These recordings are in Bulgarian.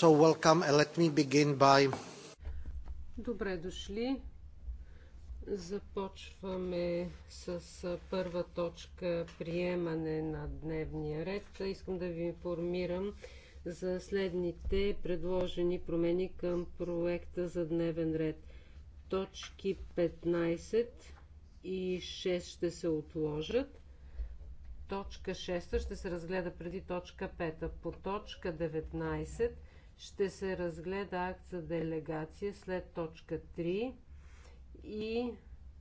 So welcome and let me begin by... Добре дошли. Започваме с първа точка приемане на дневния ред. Искам да ви информирам за следните предложени промени към проекта за дневен ред. Точки 15 и 6 ще се отложат. Точка 6 ще се разгледа преди точка 5. По точка 19 ще се разгледа акт за делегация след точка 3 и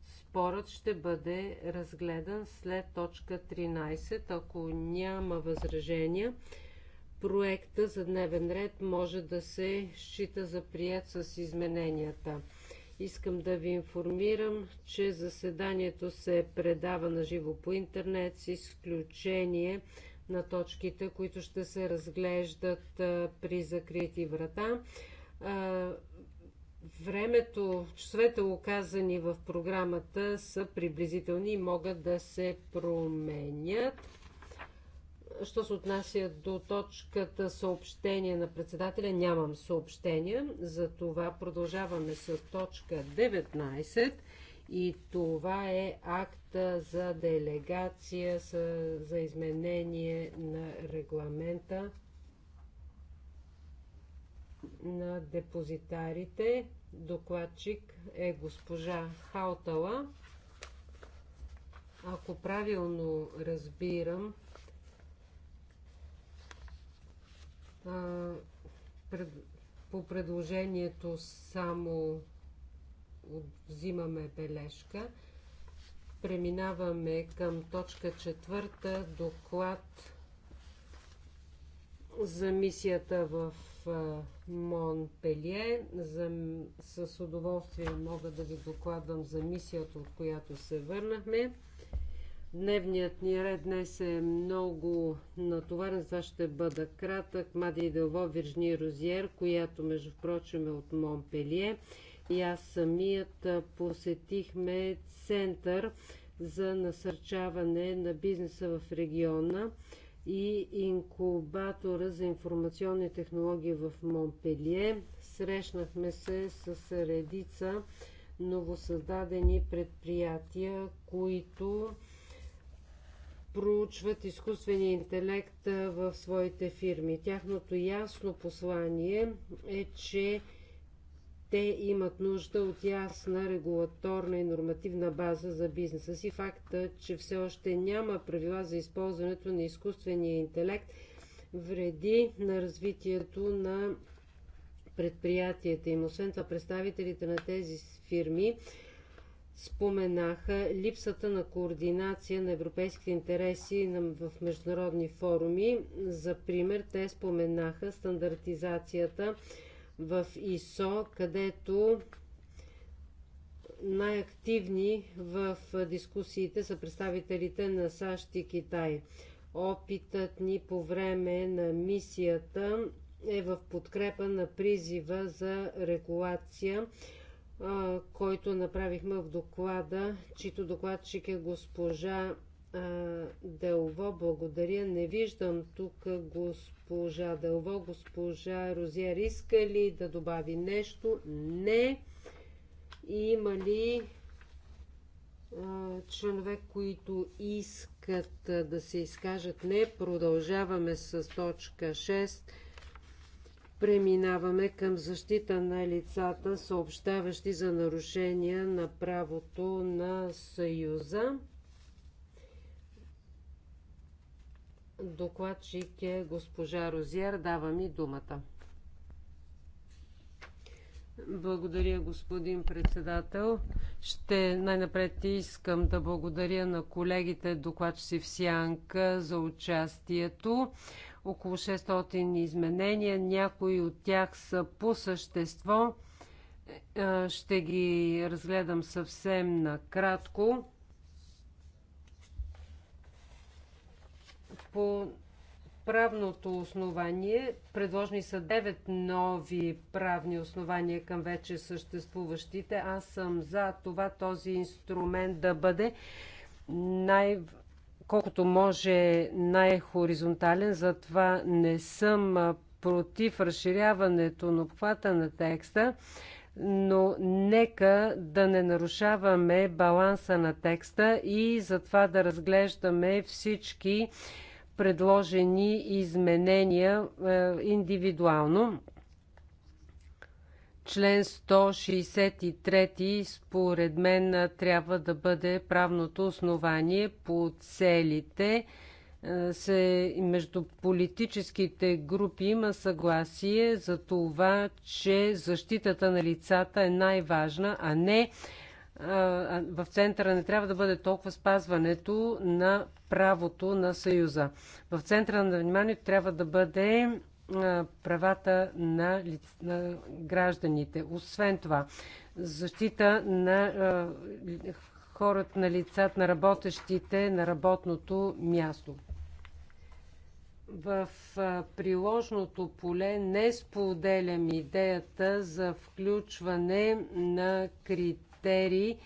спорът ще бъде разгледан след точка 13. Ако няма възражения, проекта за дневен ред може да се счита за прият с измененията. Искам да ви информирам, че заседанието се предава на живо по интернет с изключение на точките, които ще се разглеждат при закрити врата. Времето, часовете оказани в програмата са приблизителни и могат да се променят. Що се отнася до точката съобщение на председателя, нямам съобщения. за това продължаваме с точка 19 и това е акта за делегация за изменение на регламента на депозитарите. Докладчик е госпожа Хаутала. Ако правилно разбирам, по предложението само взимаме бележка. Преминаваме към точка четвърта, доклад за мисията в Монпелие. За, с удоволствие мога да ви докладвам за мисията, от която се върнахме. Дневният ни ред днес е много натоварен, за ще бъда кратък. Мади Делво Виржни Розиер, която между прочим е от Монпелие и аз самият посетихме център за насърчаване на бизнеса в региона и инкубатора за информационни технологии в Монпелие. Срещнахме се с редица новосъздадени предприятия, които проучват изкуствения интелект в своите фирми. Тяхното ясно послание е, че те имат нужда от ясна регулаторна и нормативна база за бизнеса си. Факта, че все още няма правила за използването на изкуствения интелект, вреди на развитието на предприятията им. Освен това, представителите на тези фирми споменаха липсата на координация на европейските интереси в международни форуми. За пример, те споменаха стандартизацията в ИСО, където най-активни в дискусиите са представителите на САЩ и Китай. Опитът ни по време на мисията е в подкрепа на призива за регулация, който направихме в доклада, чийто докладчик е госпожа Дълво, благодаря. Не виждам тук госпожа Дълво, госпожа Розия. Иска ли да добави нещо? Не. Има ли а, членове, които искат а, да се изкажат? Не. Продължаваме с точка 6. Преминаваме към защита на лицата, съобщаващи за нарушения на правото на Съюза. Докладчик е госпожа Розиер. Дава ми думата. Благодаря, господин председател. Ще най-напред искам да благодаря на колегите докладчици в Сянка за участието. Около 600 изменения, някои от тях са по същество. Е, ще ги разгледам съвсем накратко. По правното основание предложени са 9 нови правни основания към вече съществуващите. Аз съм за това този инструмент да бъде най- колкото може най-хоризонтален, затова не съм против разширяването на обхвата на текста, но нека да не нарушаваме баланса на текста и затова да разглеждаме всички предложени изменения е, индивидуално. Член 163 според мен е, трябва да бъде правното основание по целите. Е, се, между политическите групи има съгласие за това, че защитата на лицата е най-важна, а не в центъра не трябва да бъде толкова спазването на правото на Съюза. В центъра на вниманието трябва да бъде правата на, на гражданите. Освен това, защита на хората, на лицата, на работещите на работното място. В приложното поле не споделям идеята за включване на критерии критерии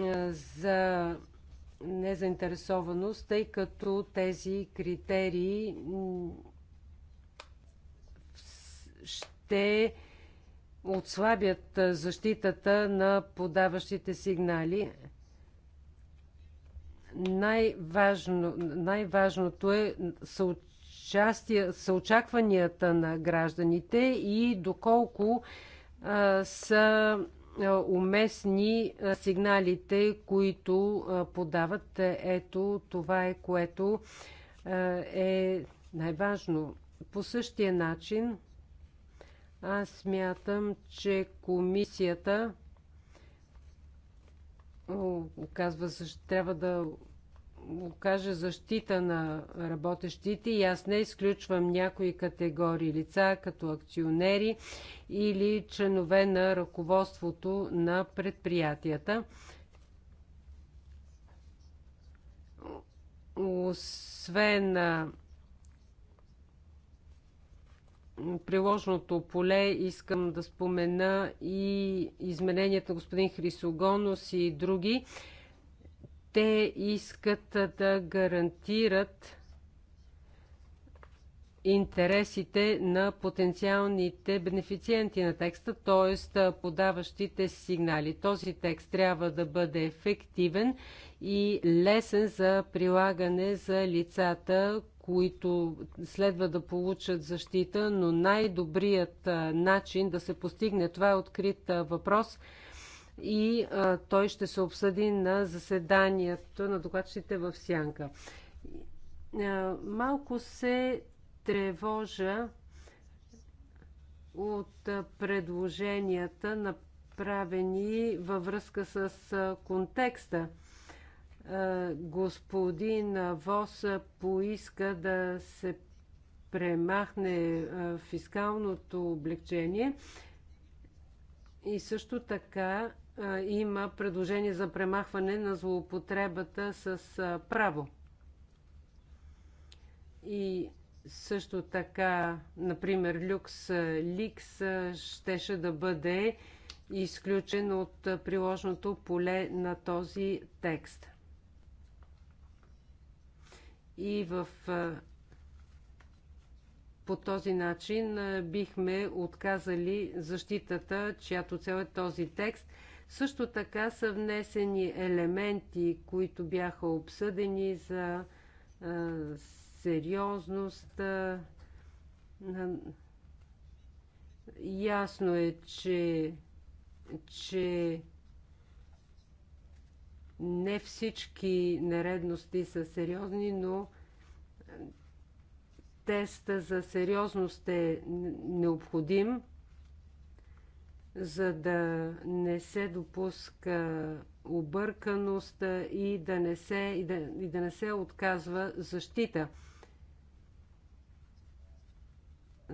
е, за незаинтересованост, тъй като тези критерии ще отслабят защитата на подаващите сигнали. Най-важно, най-важното е съочакванията на гражданите и доколко а, са е, уместни е, сигналите, които е, подават. Ето това е, което е най-важно. По същия начин аз смятам, че комисията оказва, трябва да окаже защита на работещите и аз не изключвам някои категории лица, като акционери или членове на ръководството на предприятията. Освен приложното поле искам да спомена и измененията на господин Хрисогонос и други. Те искат да гарантират интересите на потенциалните бенефициенти на текста, т.е. подаващите сигнали. Този текст трябва да бъде ефективен и лесен за прилагане за лицата, които следва да получат защита, но най-добрият начин да се постигне това е открит въпрос – и а, той ще се обсъди на заседанието на докладчите в Сянка. А, малко се тревожа от предложенията, направени във връзка с контекста. Господин Вос поиска да се премахне фискалното облегчение и също така има предложение за премахване на злоупотребата с право. И също така, например, Люкс Ликс щеше да бъде изключен от приложното поле на този текст. И в, по този начин бихме отказали защитата, чиято цел е този текст – също така са внесени елементи, които бяха обсъдени за а, сериозност. А, ясно е, че, че не всички нередности са сериозни, но теста за сериозност е необходим за да не се допуска обърканост и да не се, и да, и да не се отказва защита.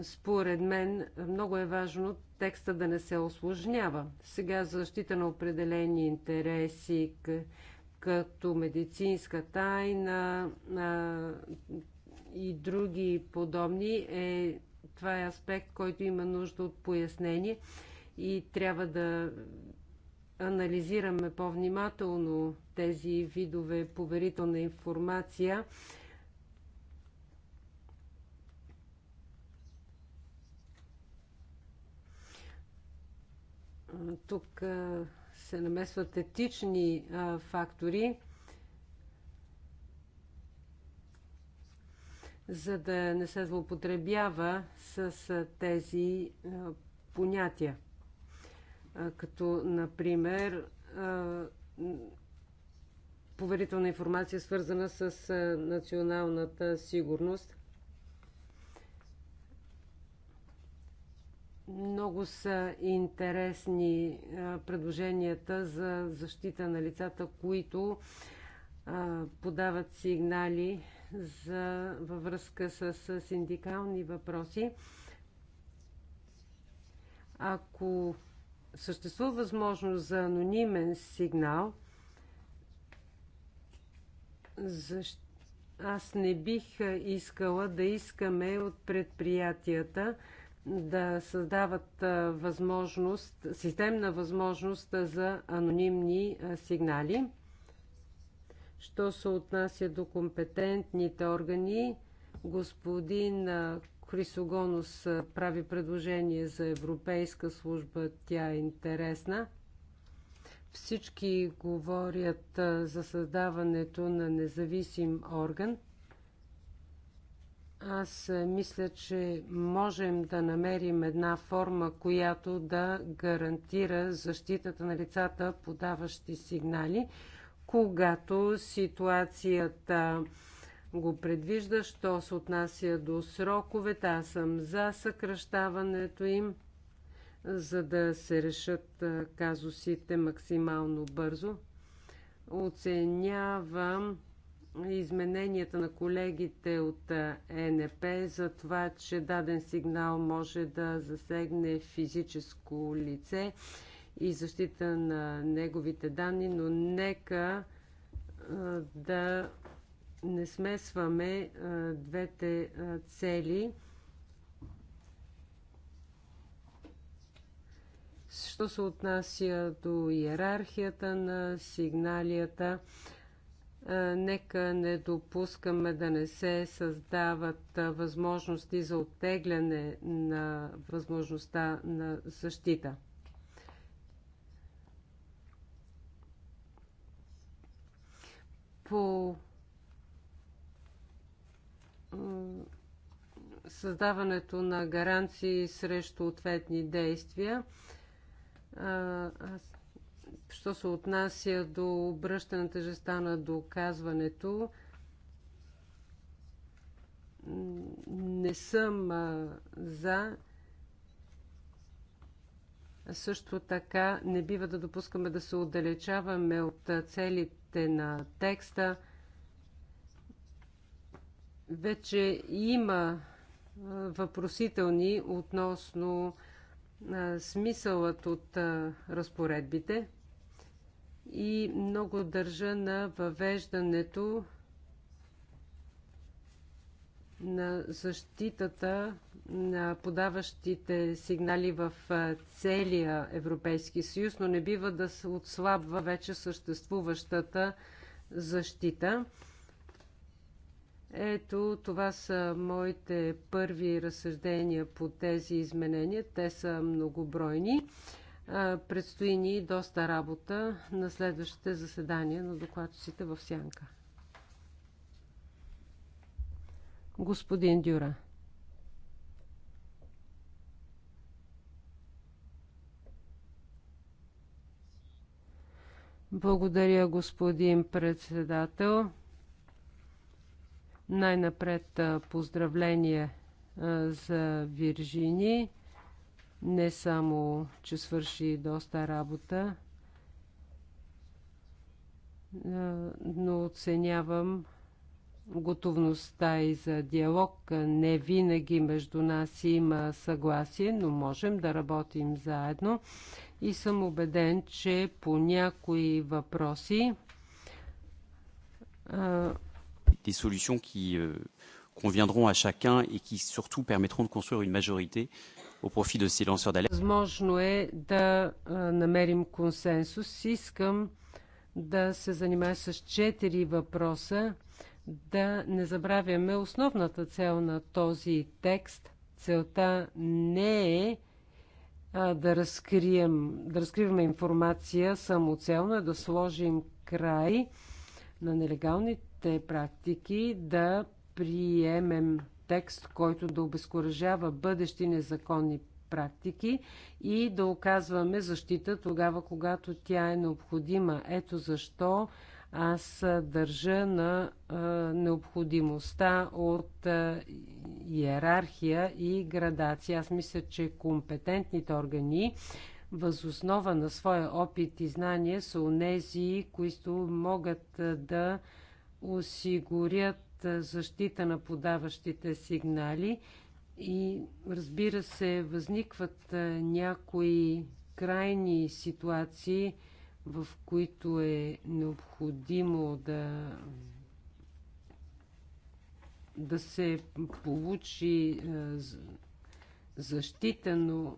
Според мен много е важно текста да не се осложнява. Сега защита на определени интереси, като медицинска тайна а, и други подобни, е, това е аспект, който има нужда от пояснение и трябва да анализираме по-внимателно тези видове поверителна информация. Тук се намесват етични фактори, за да не се злоупотребява с тези понятия като, например, поверителна информация, свързана с националната сигурност. Много са интересни предложенията за защита на лицата, които подават сигнали за, във връзка с синдикални въпроси. Ако съществува възможност за анонимен сигнал, защ... аз не бих искала да искаме от предприятията да създават възможност, системна възможност за анонимни сигнали. Що се отнася до компетентните органи, господин Крисогонос прави предложение за Европейска служба. Тя е интересна. Всички говорят за създаването на независим орган. Аз мисля, че можем да намерим една форма, която да гарантира защитата на лицата, подаващи сигнали, когато ситуацията го предвижда. Що се отнася до сроковете, аз съм за съкръщаването им, за да се решат казусите максимално бързо. Оценявам измененията на колегите от НП за това, че даден сигнал може да засегне физическо лице и защита на неговите данни, но нека да не смесваме двете цели. Що се отнася до иерархията на сигналията, нека не допускаме да не се създават възможности за оттегляне на възможността на защита. По създаването на гаранции срещу ответни действия. Що се отнася до обръщане на тежеста на доказването, не съм за. Също така не бива да допускаме да се отдалечаваме от целите на текста – вече има въпросителни относно смисълът от разпоредбите и много държа на въвеждането на защитата на подаващите сигнали в целия Европейски съюз, но не бива да се отслабва вече съществуващата защита. Ето, това са моите първи разсъждения по тези изменения. Те са многобройни. Предстои ни доста работа на следващите заседания на докладчиците в Сянка. Господин Дюра. Благодаря, господин председател. Най-напред поздравления за Виржини. Не само, че свърши доста работа, но оценявам готовността и за диалог. Не винаги между нас има съгласие, но можем да работим заедно. И съм убеден, че по някои въпроси des solutions qui euh, conviendront à chacun et qui surtout permettront de construire une majorité au profit de ces lanceurs d'alerte. Е да се занимая с четири въпроса. Да не забравяме основната цел на този текст. Целта не е а, да, разкрием, да разкриваме информация самоцелно, да сложим край на нелегалните те практики да приемем текст, който да обезкуражава бъдещи незаконни практики и да оказваме защита тогава, когато тя е необходима. Ето защо аз държа на а, необходимостта от а, иерархия и градация. Аз мисля, че компетентните органи възоснова на своя опит и знание са унези, които могат да осигурят защита на подаващите сигнали и разбира се, възникват някои крайни ситуации, в които е необходимо да да се получи защита, но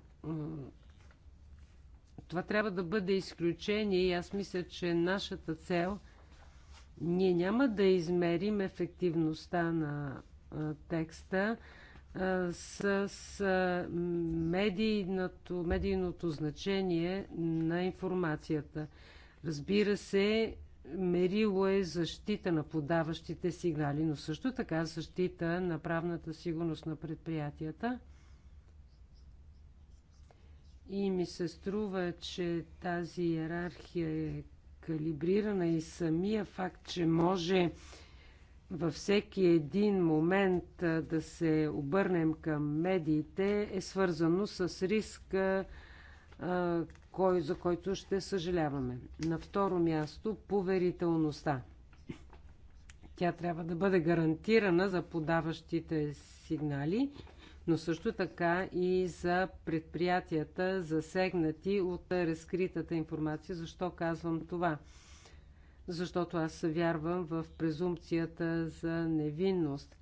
това трябва да бъде изключение и аз мисля, че нашата цел – ние няма да измерим ефективността на текста с медийното, медийното значение на информацията. Разбира се, мерило е защита на подаващите сигнали, но също така защита на правната сигурност на предприятията. И ми се струва, че тази иерархия е калибрирана и самия факт, че може във всеки един момент да се обърнем към медиите е свързано с риск, кой, за който ще съжаляваме. На второ място, поверителността. Тя трябва да бъде гарантирана за подаващите сигнали но също така и за предприятията, засегнати от разкритата информация. Защо казвам това? Защото аз вярвам в презумпцията за невинност.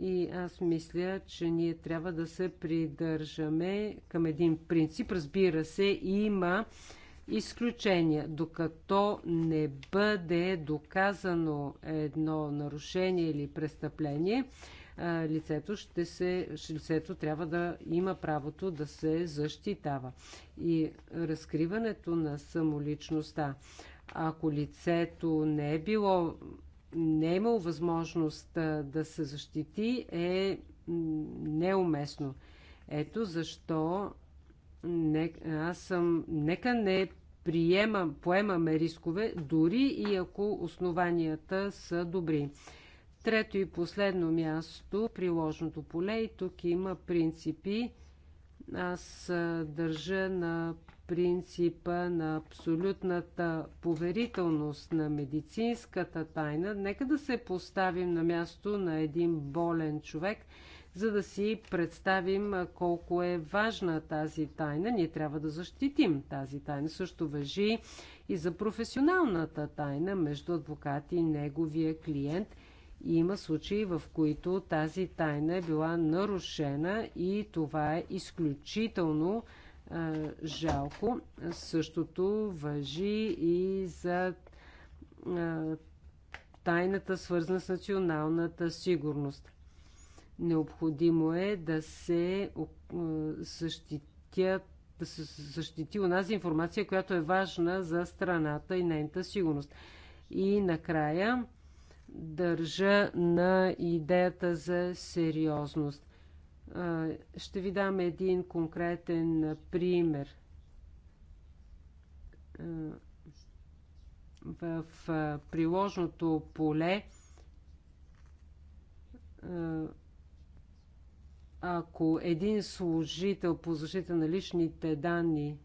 И аз мисля, че ние трябва да се придържаме към един принцип. Разбира се, има изключения. Докато не бъде доказано едно нарушение или престъпление, лицето, ще се, лицето трябва да има правото да се защитава. И разкриването на самоличността, ако лицето не е било не е имало възможност да се защити, е неуместно. Ето защо не, аз съм, нека не приемам, поемаме рискове, дори и ако основанията са добри. Трето и последно място, приложното поле. И тук има принципи. Аз държа на принципа на абсолютната поверителност на медицинската тайна. Нека да се поставим на място на един болен човек, за да си представим колко е важна тази тайна. Ние трябва да защитим тази тайна. Също въжи и за професионалната тайна между адвокат и неговия клиент. И има случаи, в които тази тайна е била нарушена и това е изключително а, жалко. Същото въжи и за а, тайната, свързана с националната сигурност. Необходимо е да се защитят да се защити нас информация, която е важна за страната и нейната сигурност. И накрая държа на идеята за сериозност. Ще ви дам един конкретен пример. В приложното поле, ако един служител по защита на личните данни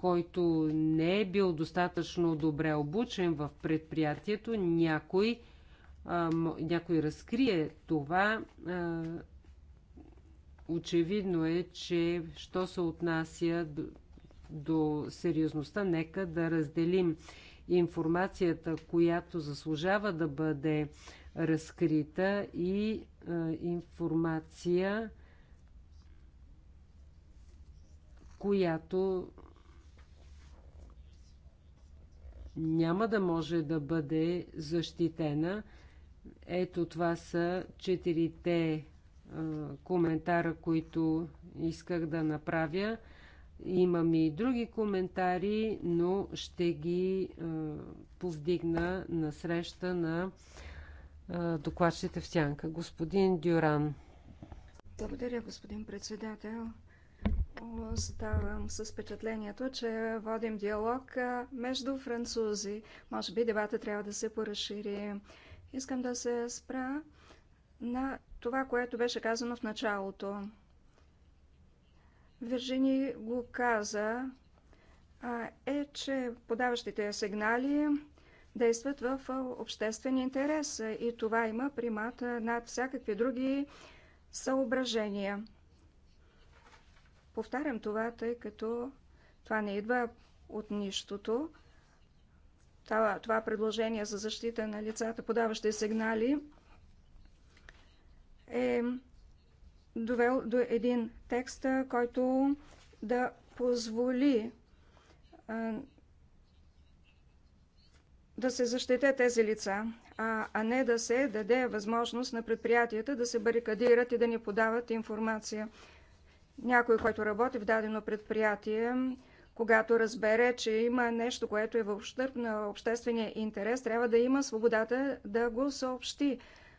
който не е бил достатъчно добре обучен в предприятието, някой, а, някой разкрие това. А, очевидно е, че що се отнася до, до сериозността, нека да разделим информацията, която заслужава да бъде разкрита и а, информация, която няма да може да бъде защитена. Ето това са четирите коментара, които исках да направя. Имам и други коментари, но ще ги повдигна на среща на докладчите в сянка. Господин Дюран. Благодаря, господин председател оставам с впечатлението, че водим диалог между французи. Може би дебата трябва да се поразшири. Искам да се спра на това, което беше казано в началото. Виржини го каза, е, че подаващите сигнали действат в обществен интерес и това има примат над всякакви други съображения. Повтарям това, тъй като това не идва от нищото. Това, това предложение за защита на лицата, подаващи сигнали, е довел до един текст, който да позволи а, да се защите тези лица, а, а не да се даде възможност на предприятията да се барикадират и да ни подават информация. Някой, който работи в дадено предприятие, когато разбере, че има нещо, което е в на обществения интерес, трябва да има свободата да го съобщи.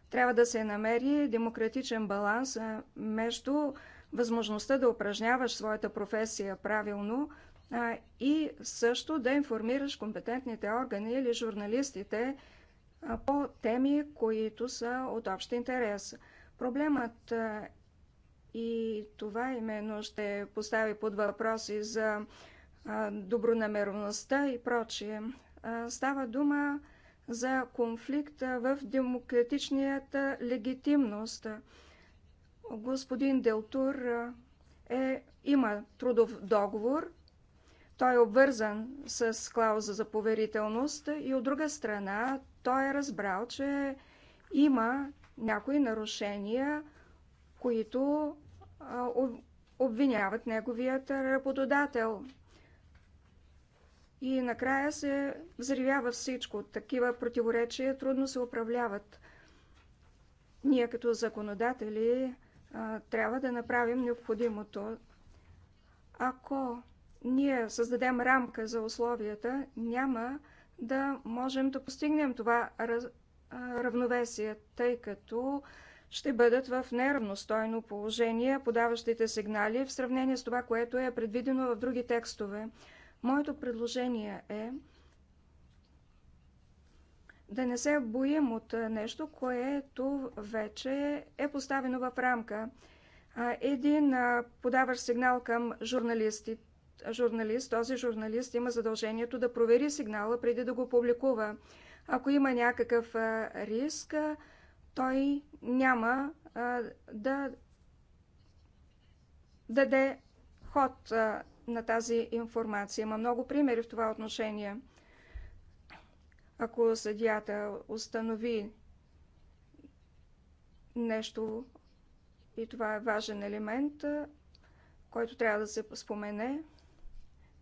Трябва да се намери демократичен баланс между възможността да упражняваш своята професия правилно и също да информираш компетентните органи или журналистите по теми, които са от общ интерес. Проблемът и това именно ще постави под въпроси за добронамереността и прочие. Става дума за конфликт в демократичната легитимност. Господин Делтур е, има трудов договор, той е обвързан с клауза за поверителност и от друга страна той е разбрал, че има някои нарушения, които обвиняват неговият работодател. И накрая се взривява всичко. Такива противоречия трудно се управляват. Ние като законодатели трябва да направим необходимото. Ако ние създадем рамка за условията, няма да можем да постигнем това равновесие, тъй като ще бъдат в неравностойно положение подаващите сигнали в сравнение с това, което е предвидено в други текстове. Моето предложение е да не се боим от нещо, което вече е поставено в рамка. Един подаващ сигнал към журналисти, журналист, този журналист има задължението да провери сигнала преди да го публикува. Ако има някакъв риск, той няма а, да даде ход а, на тази информация. Има много примери в това отношение. Ако съдията установи нещо, и това е важен елемент, който трябва да се спомене,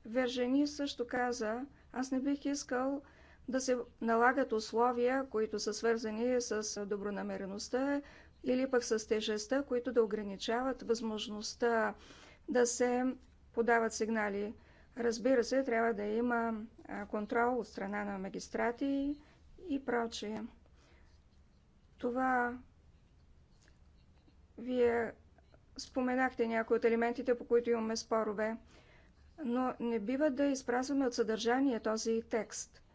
Вержени също каза, аз не бих искал да се налагат условия, които са свързани с добронамереността или пък с тежестта, които да ограничават възможността да се подават сигнали. Разбира се, трябва да има контрол от страна на магистрати и прочие. Това вие споменахте някои от елементите, по които имаме спорове, но не бива да изпразваме от съдържание този текст –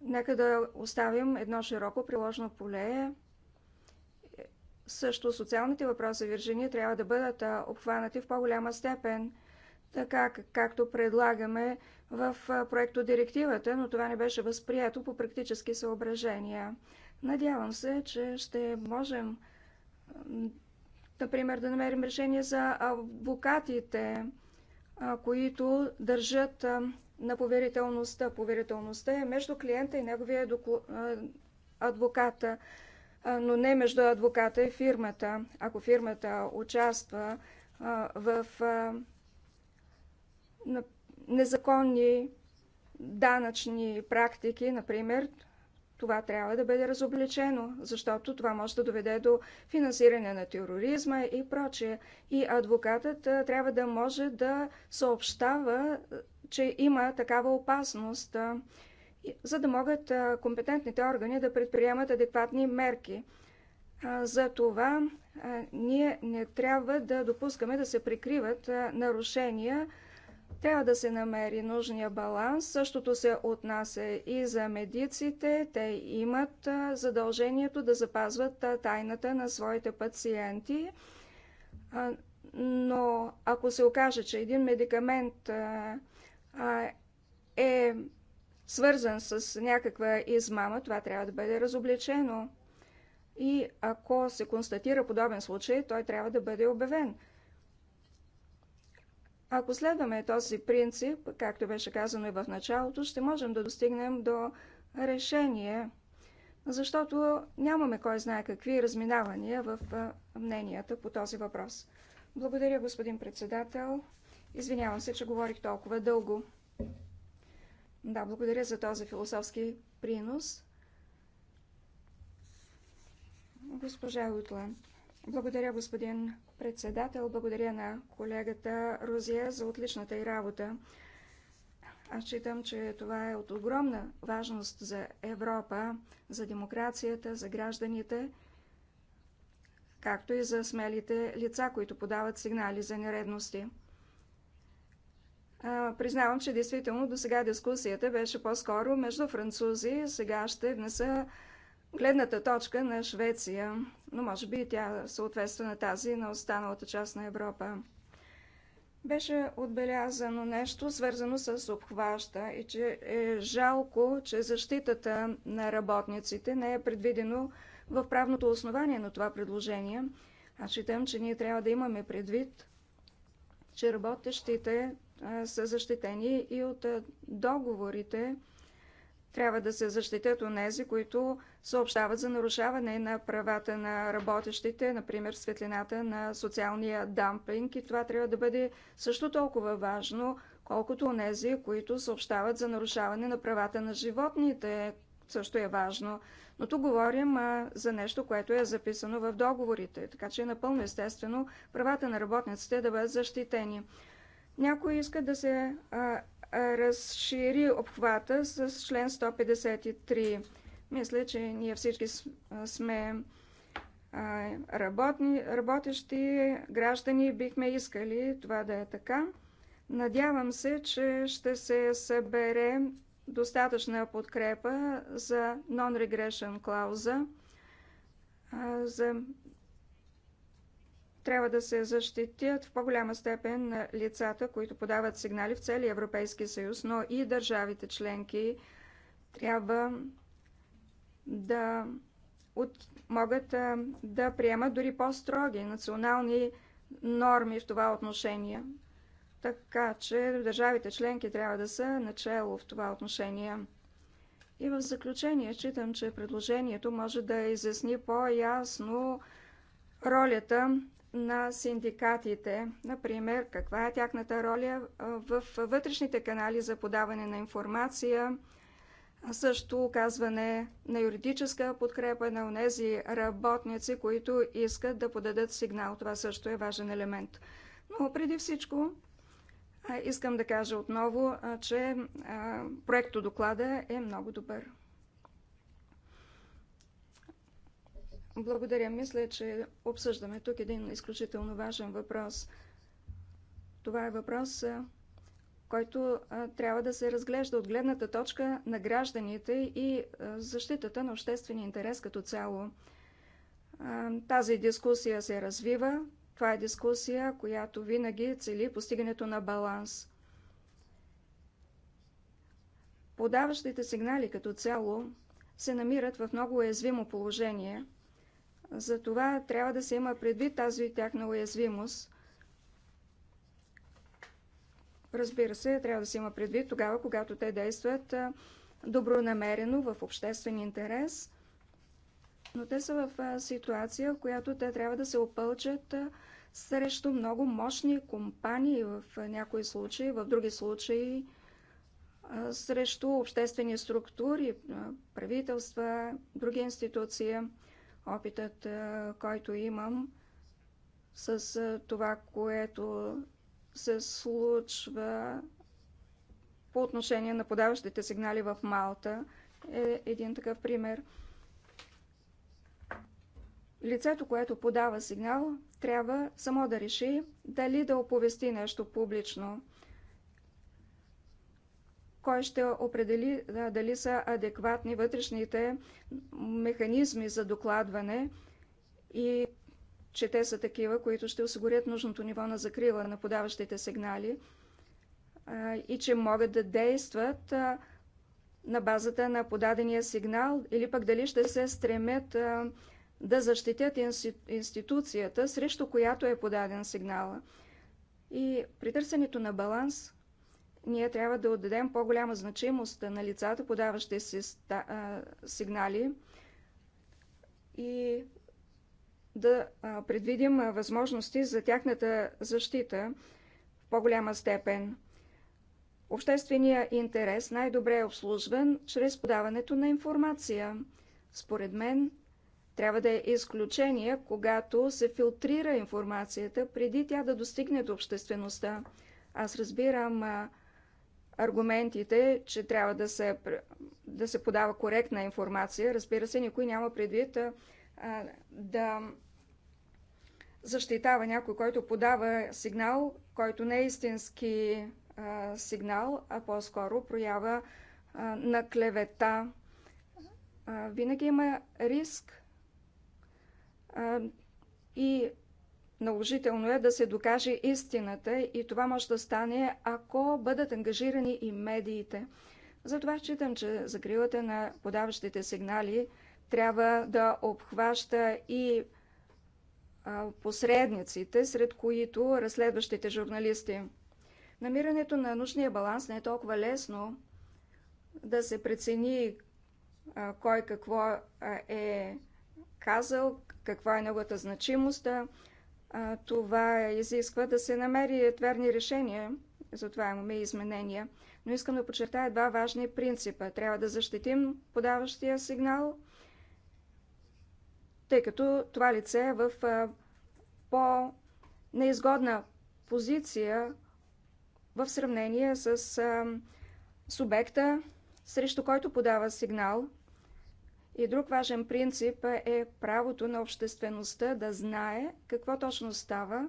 Нека да оставим едно широко приложено поле. Също социалните въпроси в Вирджиния трябва да бъдат обхванати в по-голяма степен, така както предлагаме в проекто директивата, но това не беше възприето по практически съображения. Надявам се, че ще можем, например, да намерим решение за адвокатите, които държат на поверителността. Поверителността е между клиента и неговия адвоката, но не между адвоката и фирмата. Ако фирмата участва в незаконни данъчни практики, например, това трябва да бъде разобличено, защото това може да доведе до финансиране на тероризма и прочее. И адвокатът трябва да може да съобщава че има такава опасност, за да могат компетентните органи да предприемат адекватни мерки. За това ние не трябва да допускаме да се прикриват нарушения. Трябва да се намери нужния баланс. Същото се отнася и за медиците. Те имат задължението да запазват тайната на своите пациенти. Но ако се окаже, че един медикамент е свързан с някаква измама, това трябва да бъде разобличено. И ако се констатира подобен случай, той трябва да бъде обявен. Ако следваме този принцип, както беше казано и в началото, ще можем да достигнем до решение, защото нямаме кой знае какви разминавания в мненията по този въпрос. Благодаря, господин председател. Извинявам се, че говорих толкова дълго. Да, благодаря за този философски принос. Госпожа Утлан, Благодаря, господин председател. Благодаря на колегата Розия за отличната й работа. Аз считам, че това е от огромна важност за Европа, за демокрацията, за гражданите, както и за смелите лица, които подават сигнали за нередности. А, признавам, че действително до сега дискусията беше по-скоро между французи. Сега ще внеса гледната точка на Швеция, но може би тя съответства на тази на останалата част на Европа. Беше отбелязано нещо, свързано с обхваща и че е жалко, че защитата на работниците не е предвидено в правното основание на това предложение. Аз считам, че ние трябва да имаме предвид, че работещите са защитени и от договорите. Трябва да се защитят онези, които съобщават за нарушаване на правата на работещите, например светлината на социалния дампинг. И това трябва да бъде също толкова важно, колкото онези, които съобщават за нарушаване на правата на животните. Също е важно. Но тук говорим а, за нещо, което е записано в договорите. Така че е напълно естествено правата на работниците да бъдат защитени. Някой иска да се а, разшири обхвата с член 153. Мисля, че ние всички сме работни, работещи граждани, бихме искали това да е така. Надявам се, че ще се събере достатъчна подкрепа за non-regression клауза, за трябва да се защитят в по-голяма степен лицата, които подават сигнали в целия Европейски съюз, но и държавите членки трябва да от, могат да приемат дори по-строги национални норми в това отношение. Така че държавите членки трябва да са начало в това отношение. И в заключение считам, че предложението може да изясни по-ясно ролята на синдикатите, например, каква е тяхната роля в вътрешните канали за подаване на информация, също оказване на юридическа подкрепа на онези работници, които искат да подадат сигнал. Това също е важен елемент. Но преди всичко искам да кажа отново, че проектодоклада е много добър. Благодаря. Мисля, че обсъждаме тук един изключително важен въпрос. Това е въпрос, който трябва да се разглежда от гледната точка на гражданите и защитата на обществения интерес като цяло. Тази дискусия се развива. Това е дискусия, която винаги цели постигането на баланс. Подаващите сигнали като цяло се намират в много уязвимо положение – затова трябва да се има предвид тази тяхна уязвимост. Разбира се, трябва да се има предвид тогава, когато те действат добронамерено в обществен интерес, но те са в ситуация, в която те трябва да се опълчат срещу много мощни компании в някои случаи, в други случаи срещу обществени структури, правителства, други институции опитът, който имам с това, което се случва по отношение на подаващите сигнали в Малта, е един такъв пример. Лицето, което подава сигнал, трябва само да реши дали да оповести нещо публично – кой ще определи дали са адекватни вътрешните механизми за докладване и че те са такива, които ще осигурят нужното ниво на закрила на подаващите сигнали и че могат да действат на базата на подадения сигнал или пък дали ще се стремят да защитят институцията, срещу която е подаден сигнала. И при търсенето на баланс ние трябва да отдадем по-голяма значимост на лицата, подаващи си сигнали и да предвидим възможности за тяхната защита в по-голяма степен. Общественият интерес най-добре е обслужван чрез подаването на информация. Според мен, трябва да е изключение, когато се филтрира информацията, преди тя да достигне до обществеността. Аз разбирам аргументите, че трябва да се, да се подава коректна информация. Разбира се, никой няма предвид а, а, да защитава някой, който подава сигнал, който не е истински а, сигнал, а по-скоро проява а, на клевета. А, винаги има риск а, и Наложително е да се докаже истината и това може да стане, ако бъдат ангажирани и медиите. Затова считам, че закрилата на подаващите сигнали трябва да обхваща и посредниците, сред които разследващите журналисти. Намирането на нужния баланс не е толкова лесно да се прецени кой какво е казал, каква е неговата значимост това изисква да се намери верни решения, затова имаме изменения. Но искам да подчертая два важни принципа. Трябва да защитим подаващия сигнал, тъй като това лице е в по-неизгодна позиция в сравнение с субекта, срещу който подава сигнал. И друг важен принцип е правото на обществеността да знае какво точно става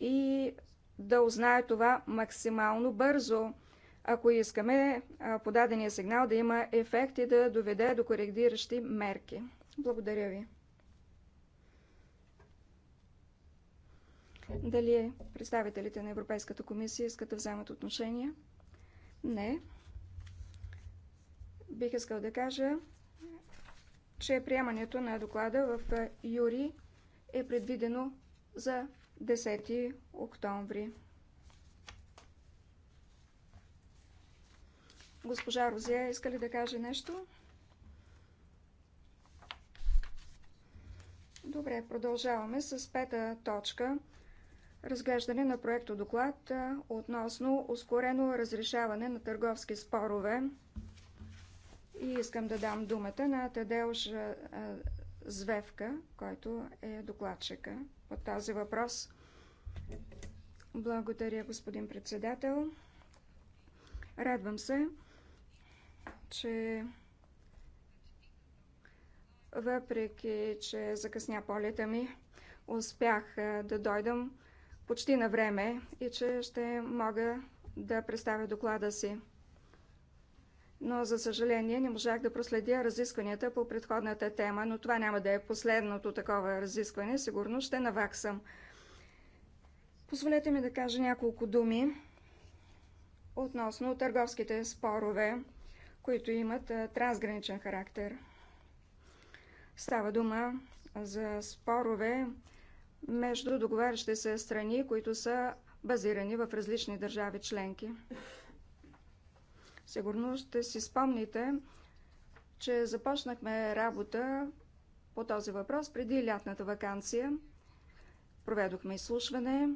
и да узнае това максимално бързо, ако искаме подадения сигнал да има ефект и да доведе до коригиращи мерки. Благодаря ви. Дали представителите на Европейската комисия искат да вземат отношение? Не. Бих искал да кажа, че приемането на доклада в е, Юри е предвидено за 10 октомври. Госпожа Розия, иска ли да каже нещо? Добре, продължаваме с пета точка. Разглеждане на проекто доклад е, относно ускорено разрешаване на търговски спорове. И искам да дам думата на Тадеуш Звевка, който е докладчика по този въпрос. Благодаря, господин председател. Радвам се, че въпреки, че закъсня полета ми, успях да дойдам почти на време и че ще мога да представя доклада си но за съжаление не можах да проследя разискванията по предходната тема, но това няма да е последното такова разискване, сигурно ще наваксам. Позволете ми да кажа няколко думи относно търговските спорове, които имат трансграничен характер. Става дума за спорове между договарящи се страни, които са базирани в различни държави членки. Сигурно ще си спомните, че започнахме работа по този въпрос преди лятната вакансия. Проведохме изслушване,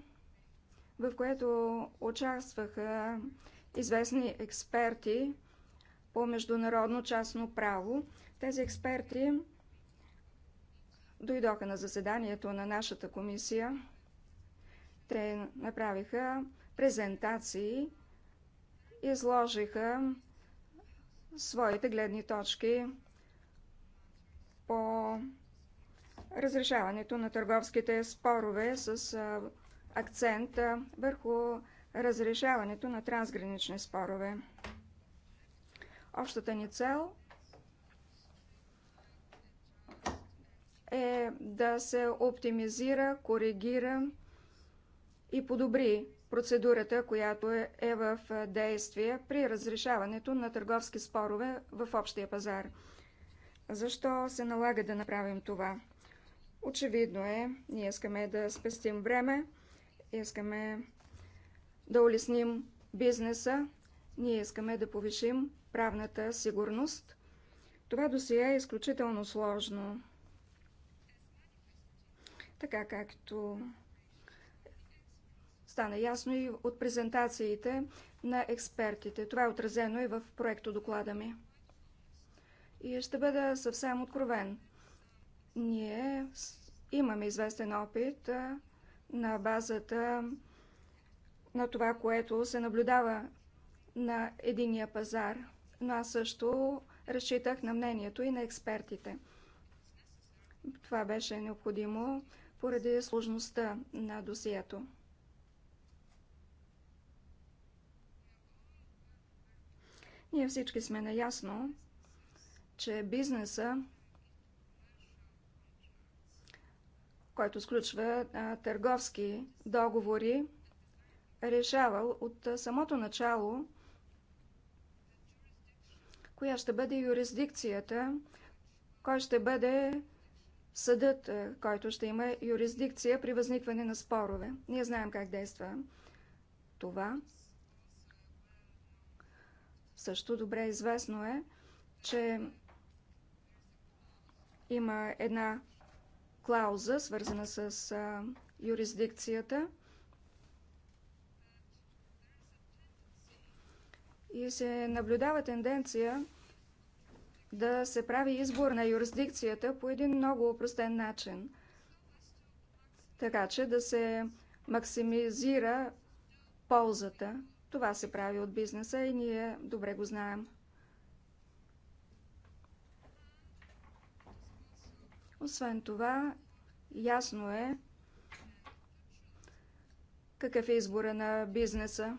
в което участваха известни експерти по международно частно право. Тези експерти дойдоха на заседанието на нашата комисия. Те направиха презентации изложиха своите гледни точки по разрешаването на търговските спорове с акцент върху разрешаването на трансгранични спорове. Общата ни цел е да се оптимизира, коригира и подобри процедурата, която е, е в действие при разрешаването на търговски спорове в общия пазар. Защо се налага да направим това? Очевидно е, ние искаме да спестим време, искаме да улесним бизнеса, ние искаме да повишим правната сигурност. Това досие е изключително сложно. Така както стана ясно и от презентациите на експертите. Това е отразено и в проекто доклада ми. И ще бъда съвсем откровен. Ние имаме известен опит на базата на това, което се наблюдава на единия пазар. Но аз също разчитах на мнението и на експертите. Това беше необходимо поради сложността на досието. Ние всички сме наясно, че бизнеса, който сключва а, търговски договори, решавал от а, самото начало коя ще бъде юрисдикцията, кой ще бъде съдът, който ще има юрисдикция при възникване на спорове. Ние знаем как действа това. Също добре известно е, че има една клауза, свързана с а, юрисдикцията. И се наблюдава тенденция да се прави избор на юрисдикцията по един много упростен начин, така че да се максимизира ползата това се прави от бизнеса и ние добре го знаем. Освен това, ясно е какъв е избора на бизнеса,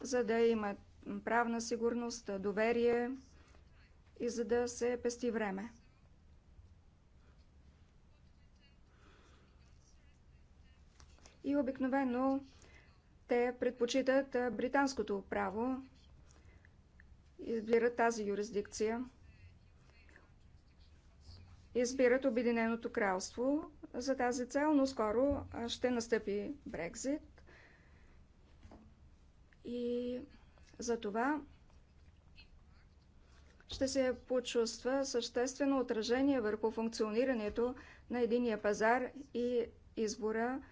за да има правна сигурност, доверие и за да се пести време. И обикновено те предпочитат британското право, избират тази юрисдикция, избират Обединеното кралство за тази цел, но скоро ще настъпи Брекзит. И за това ще се почувства съществено отражение върху функционирането на единия пазар и избора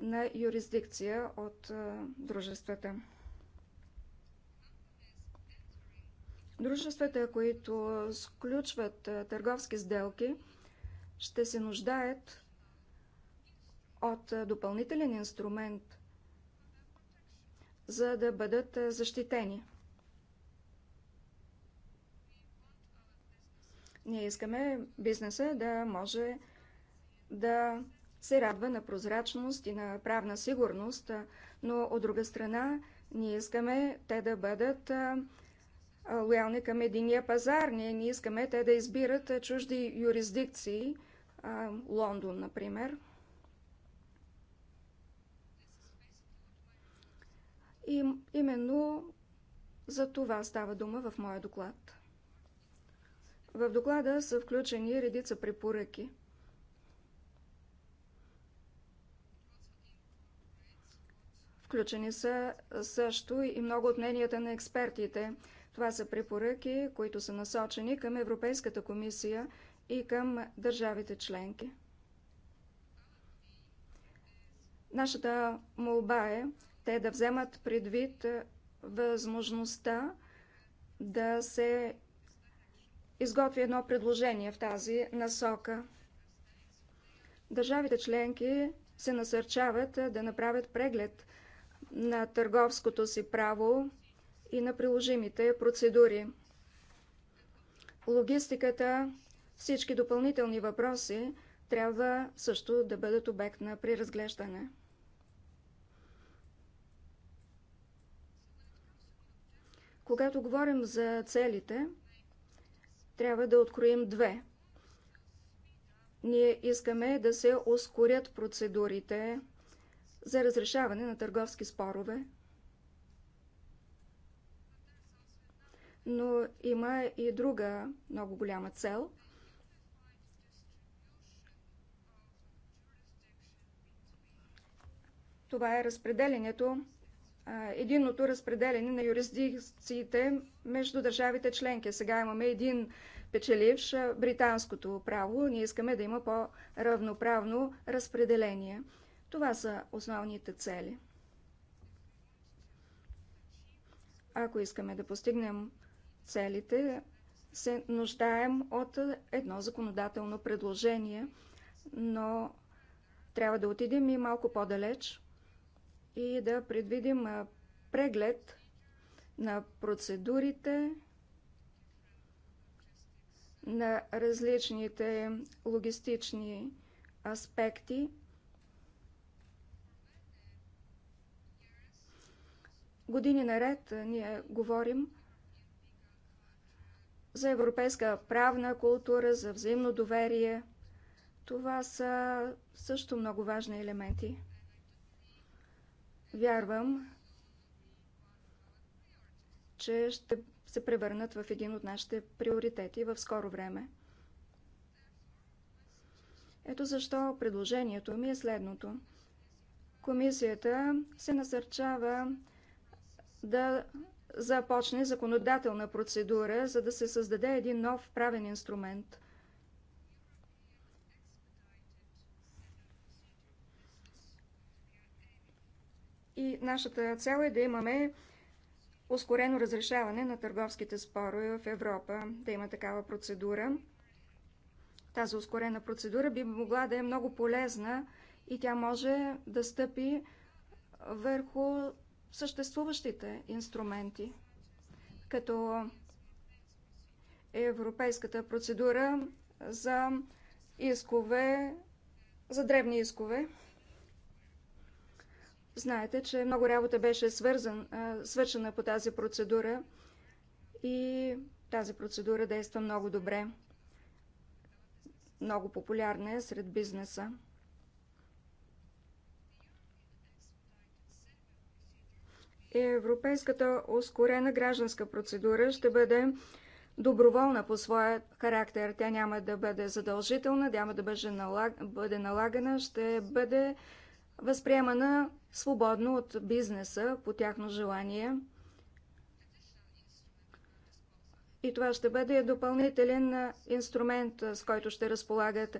на юрисдикция от дружествата. Дружествата, които сключват търговски сделки, ще се нуждаят от допълнителен инструмент, за да бъдат защитени. Ние искаме бизнеса да може да се радва на прозрачност и на правна сигурност, но от друга страна ние искаме те да бъдат лоялни към единия пазар. Ние не искаме те да избират чужди юрисдикции, Лондон, например. И именно за това става дума в моя доклад. В доклада са включени редица препоръки – Включени са също и много от мненията на експертите. Това са препоръки, които са насочени към Европейската комисия и към държавите членки. Нашата молба е те да вземат предвид възможността да се изготви едно предложение в тази насока. Държавите членки се насърчават да направят преглед на търговското си право и на приложимите процедури. Логистиката, всички допълнителни въпроси трябва също да бъдат обект на преразглеждане. Когато говорим за целите, трябва да откроим две. Ние искаме да се ускорят процедурите за разрешаване на търговски спорове. Но има и друга много голяма цел. Това е разпределението, единното разпределение на юрисдикциите между държавите членки. Сега имаме един печеливш британското право. Ние искаме да има по-равноправно разпределение. Това са основните цели. Ако искаме да постигнем целите, се нуждаем от едно законодателно предложение, но трябва да отидем и малко по-далеч и да предвидим преглед на процедурите, на различните логистични аспекти – Години наред ние говорим за европейска правна култура, за взаимно доверие. Това са също много важни елементи. Вярвам, че ще се превърнат в един от нашите приоритети в скоро време. Ето защо предложението ми е следното. Комисията се насърчава да започне законодателна процедура, за да се създаде един нов правен инструмент. И нашата цел е да имаме ускорено разрешаване на търговските спорове в Европа, да има такава процедура. Тази ускорена процедура би могла да е много полезна и тя може да стъпи върху съществуващите инструменти, като европейската процедура за искове, за дребни искове. Знаете, че много работа беше свързан, свършена по тази процедура и тази процедура действа много добре. Много популярна е сред бизнеса. Е европейската ускорена гражданска процедура ще бъде доброволна по своя характер. Тя няма да бъде задължителна, няма да бъде налагана, ще бъде възприемана свободно от бизнеса по тяхно желание. И това ще бъде допълнителен инструмент, с който ще разполагат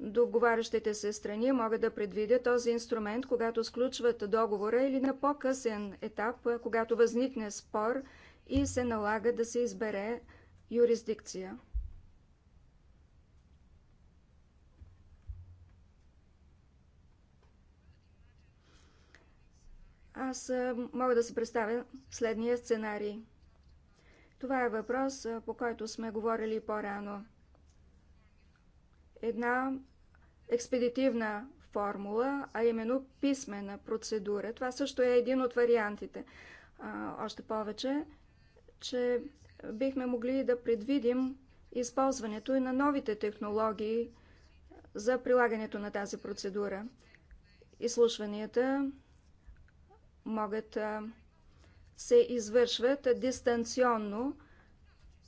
Договарящите се страни могат да предвидят този инструмент, когато сключват договора или на по-късен етап, когато възникне спор и се налага да се избере юрисдикция. Аз мога да се представя следния сценарий. Това е въпрос, по който сме говорили по-рано – една експедитивна формула, а именно писмена процедура. Това също е един от вариантите. А, още повече, че бихме могли да предвидим използването и на новите технологии за прилагането на тази процедура. Изслушванията могат се извършват дистанционно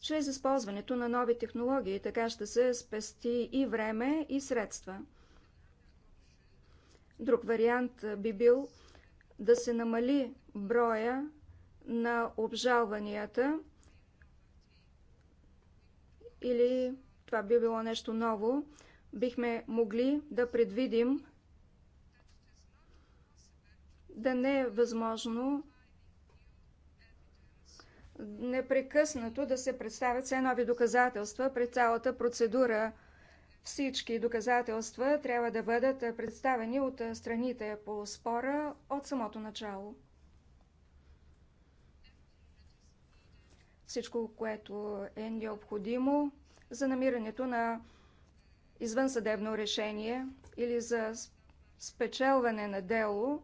чрез използването на нови технологии. Така ще се спести и време, и средства. Друг вариант би бил да се намали броя на обжалванията или това би било нещо ново, бихме могли да предвидим да не е възможно непрекъснато да се представят все нови доказателства при цялата процедура. Всички доказателства трябва да бъдат представени от страните по спора от самото начало. Всичко, което е необходимо за намирането на извънсъдебно решение или за спечелване на дело,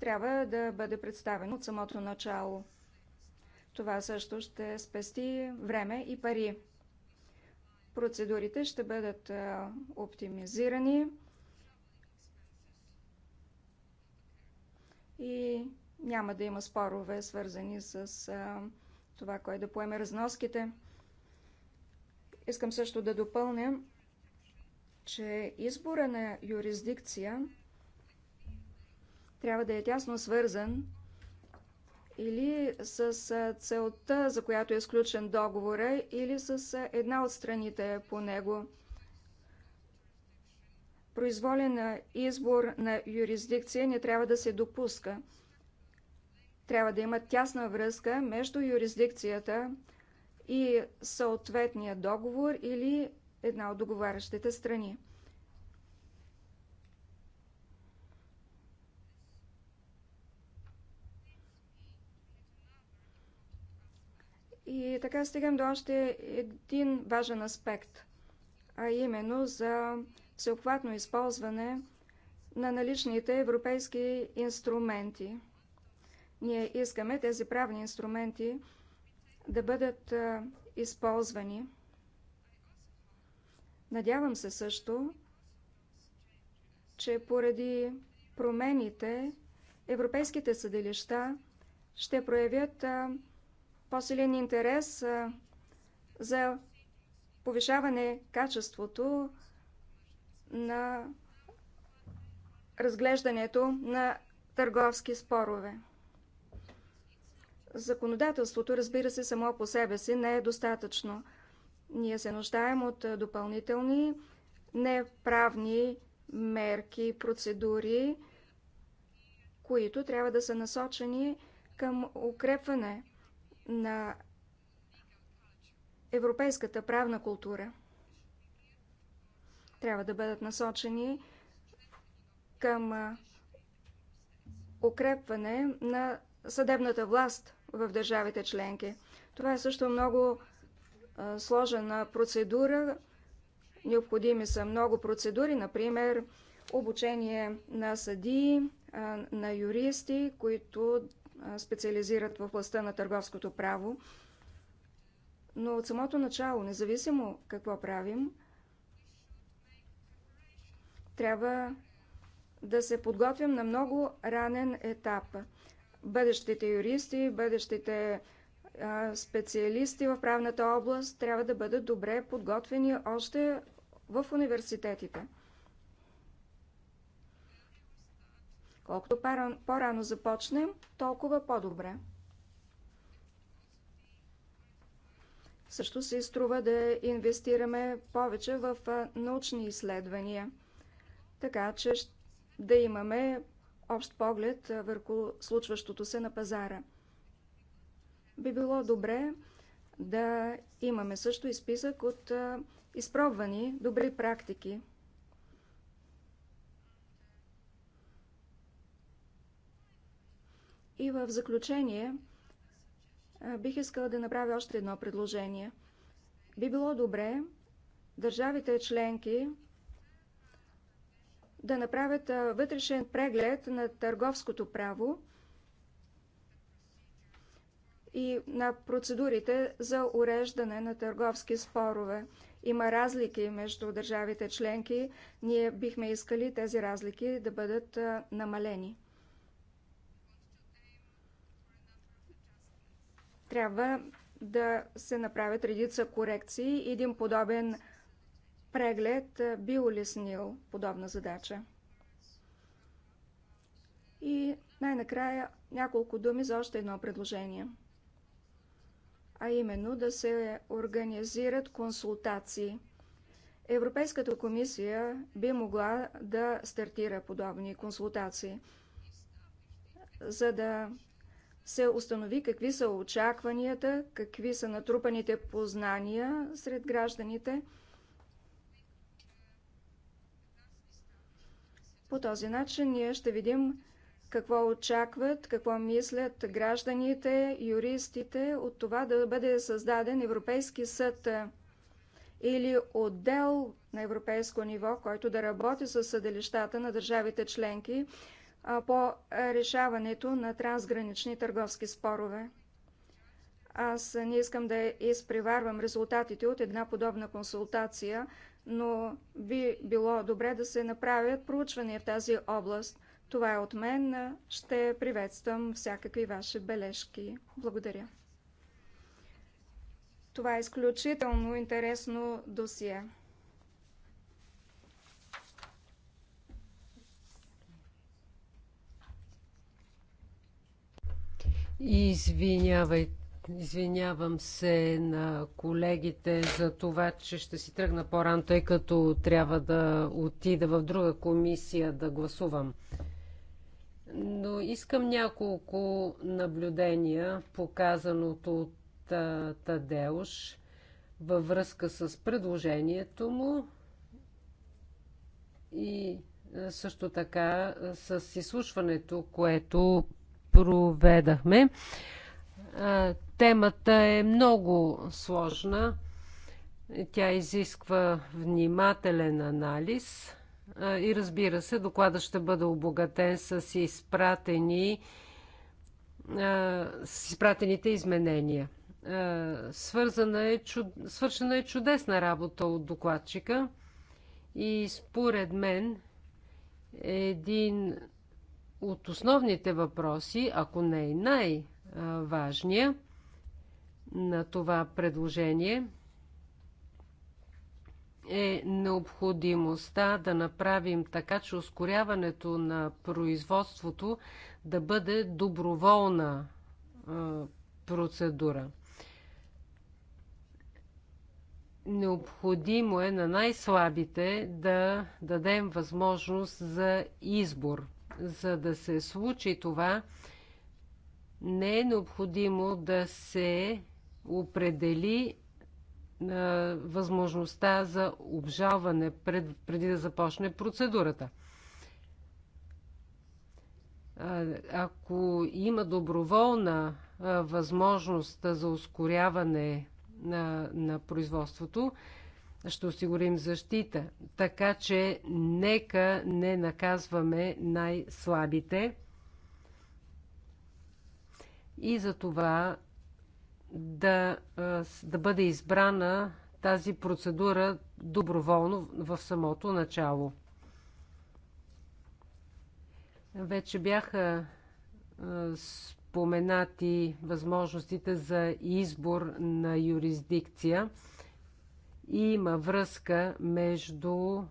трябва да бъде представено от самото начало. Това също ще спести време и пари. Процедурите ще бъдат оптимизирани и няма да има спорове, свързани с това, кой да поеме разноските. Искам също да допълня, че избора на юрисдикция трябва да е тясно свързан или с целта, за която е сключен договора, или с една от страните по него. Произволен избор на юрисдикция не трябва да се допуска. Трябва да има тясна връзка между юрисдикцията и съответния договор или една от договарящите страни. И така стигам до още един важен аспект, а именно за всеобхватно използване на наличните европейски инструменти. Ние искаме тези правни инструменти да бъдат използвани. Надявам се също, че поради промените европейските съдилища ще проявят по-силен интерес за повишаване качеството на разглеждането на търговски спорове. Законодателството, разбира се, само по себе си не е достатъчно. Ние се нуждаем от допълнителни неправни мерки, процедури, които трябва да са насочени към укрепване на европейската правна култура. Трябва да бъдат насочени към укрепване на съдебната власт в държавите членки. Това е също много сложена процедура. Необходими са много процедури, например обучение на съдии, на юристи, които специализират в областта на търговското право. Но от самото начало, независимо какво правим, трябва да се подготвим на много ранен етап. Бъдещите юристи, бъдещите специалисти в правната област трябва да бъдат добре подготвени още в университетите. Колкото по-рано започнем, толкова по-добре. Също се изтрува да инвестираме повече в научни изследвания, така че да имаме общ поглед върху случващото се на пазара. Би било добре да имаме също изписък от изпробвани добри практики. И в заключение бих искала да направя още едно предложение. Би било добре държавите членки да направят вътрешен преглед на търговското право и на процедурите за уреждане на търговски спорове. Има разлики между държавите членки. Ние бихме искали тези разлики да бъдат намалени. трябва да се направят редица корекции. Един подобен преглед би улеснил подобна задача. И най-накрая няколко думи за още едно предложение. А именно да се организират консултации. Европейската комисия би могла да стартира подобни консултации, за да се установи какви са очакванията, какви са натрупаните познания сред гражданите. По този начин ние ще видим какво очакват, какво мислят гражданите, юристите от това да бъде създаден Европейски съд или отдел на европейско ниво, който да работи с съдилищата на държавите членки, по решаването на трансгранични търговски спорове. Аз не искам да изпреварвам резултатите от една подобна консултация, но би било добре да се направят проучвания в тази област. Това е от мен. Ще приветствам всякакви ваши бележки. Благодаря. Това е изключително интересно досие. Извинявай, извинявам се на колегите за това, че ще си тръгна по-рано, тъй като трябва да отида в друга комисия да гласувам. Но искам няколко наблюдения, показаното от Тадеуш, във връзка с предложението му и също така с изслушването, което проведахме. Темата е много сложна. Тя изисква внимателен анализ и разбира се, доклада ще бъде обогатен с изпратени с изпратените изменения. Свързана е, свършена е чудесна работа от докладчика и според мен един от основните въпроси, ако не и най-важния на това предложение, е необходимостта да направим така, че ускоряването на производството да бъде доброволна процедура. Необходимо е на най-слабите да дадем възможност за избор. За да се случи това, не е необходимо да се определи възможността за обжалване пред, преди да започне процедурата. Ако има доброволна възможност за ускоряване на, на производството, ще осигурим защита. Така че нека не наказваме най-слабите. И за това да, да бъде избрана тази процедура доброволно в самото начало. Вече бяха споменати възможностите за избор на юрисдикция – има връзка между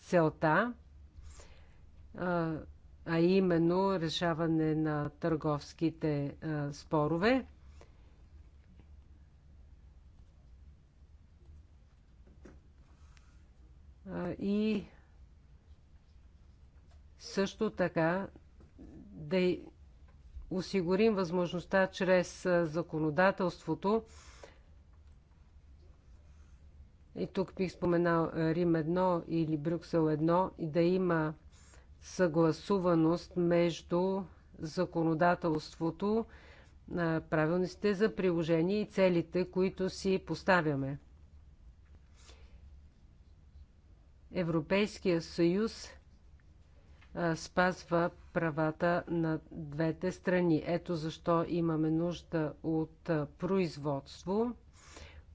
целта, а именно решаване на търговските спорове. И също така да осигурим възможността чрез законодателството и тук бих споменал е, Рим 1 или Брюксел 1, и да има съгласуваност между законодателството, е, правилниците за приложение и целите, които си поставяме. Европейския съюз е, спазва правата на двете страни. Ето защо имаме нужда от производство,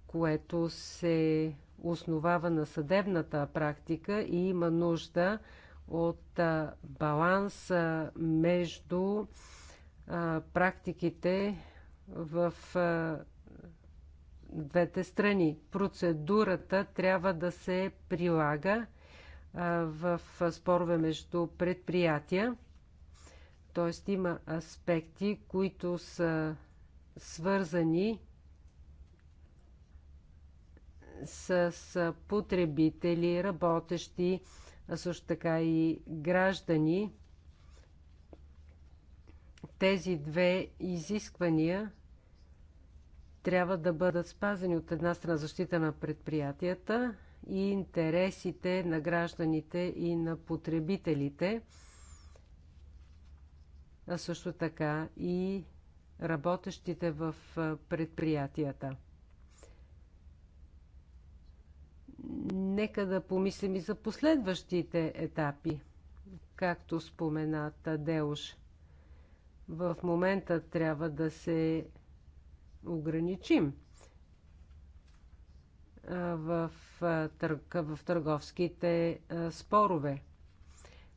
което се основава на съдебната практика и има нужда от баланс между практиките в двете страни. Процедурата трябва да се прилага в спорове между предприятия. Т.е. има аспекти, които са свързани с потребители, работещи, а също така и граждани. Тези две изисквания трябва да бъдат спазени от една страна защита на предприятията и интересите на гражданите и на потребителите, а също така и работещите в предприятията. нека да помислим и за последващите етапи, както спомена Тадеуш. В момента трябва да се ограничим в, търг, в търговските спорове.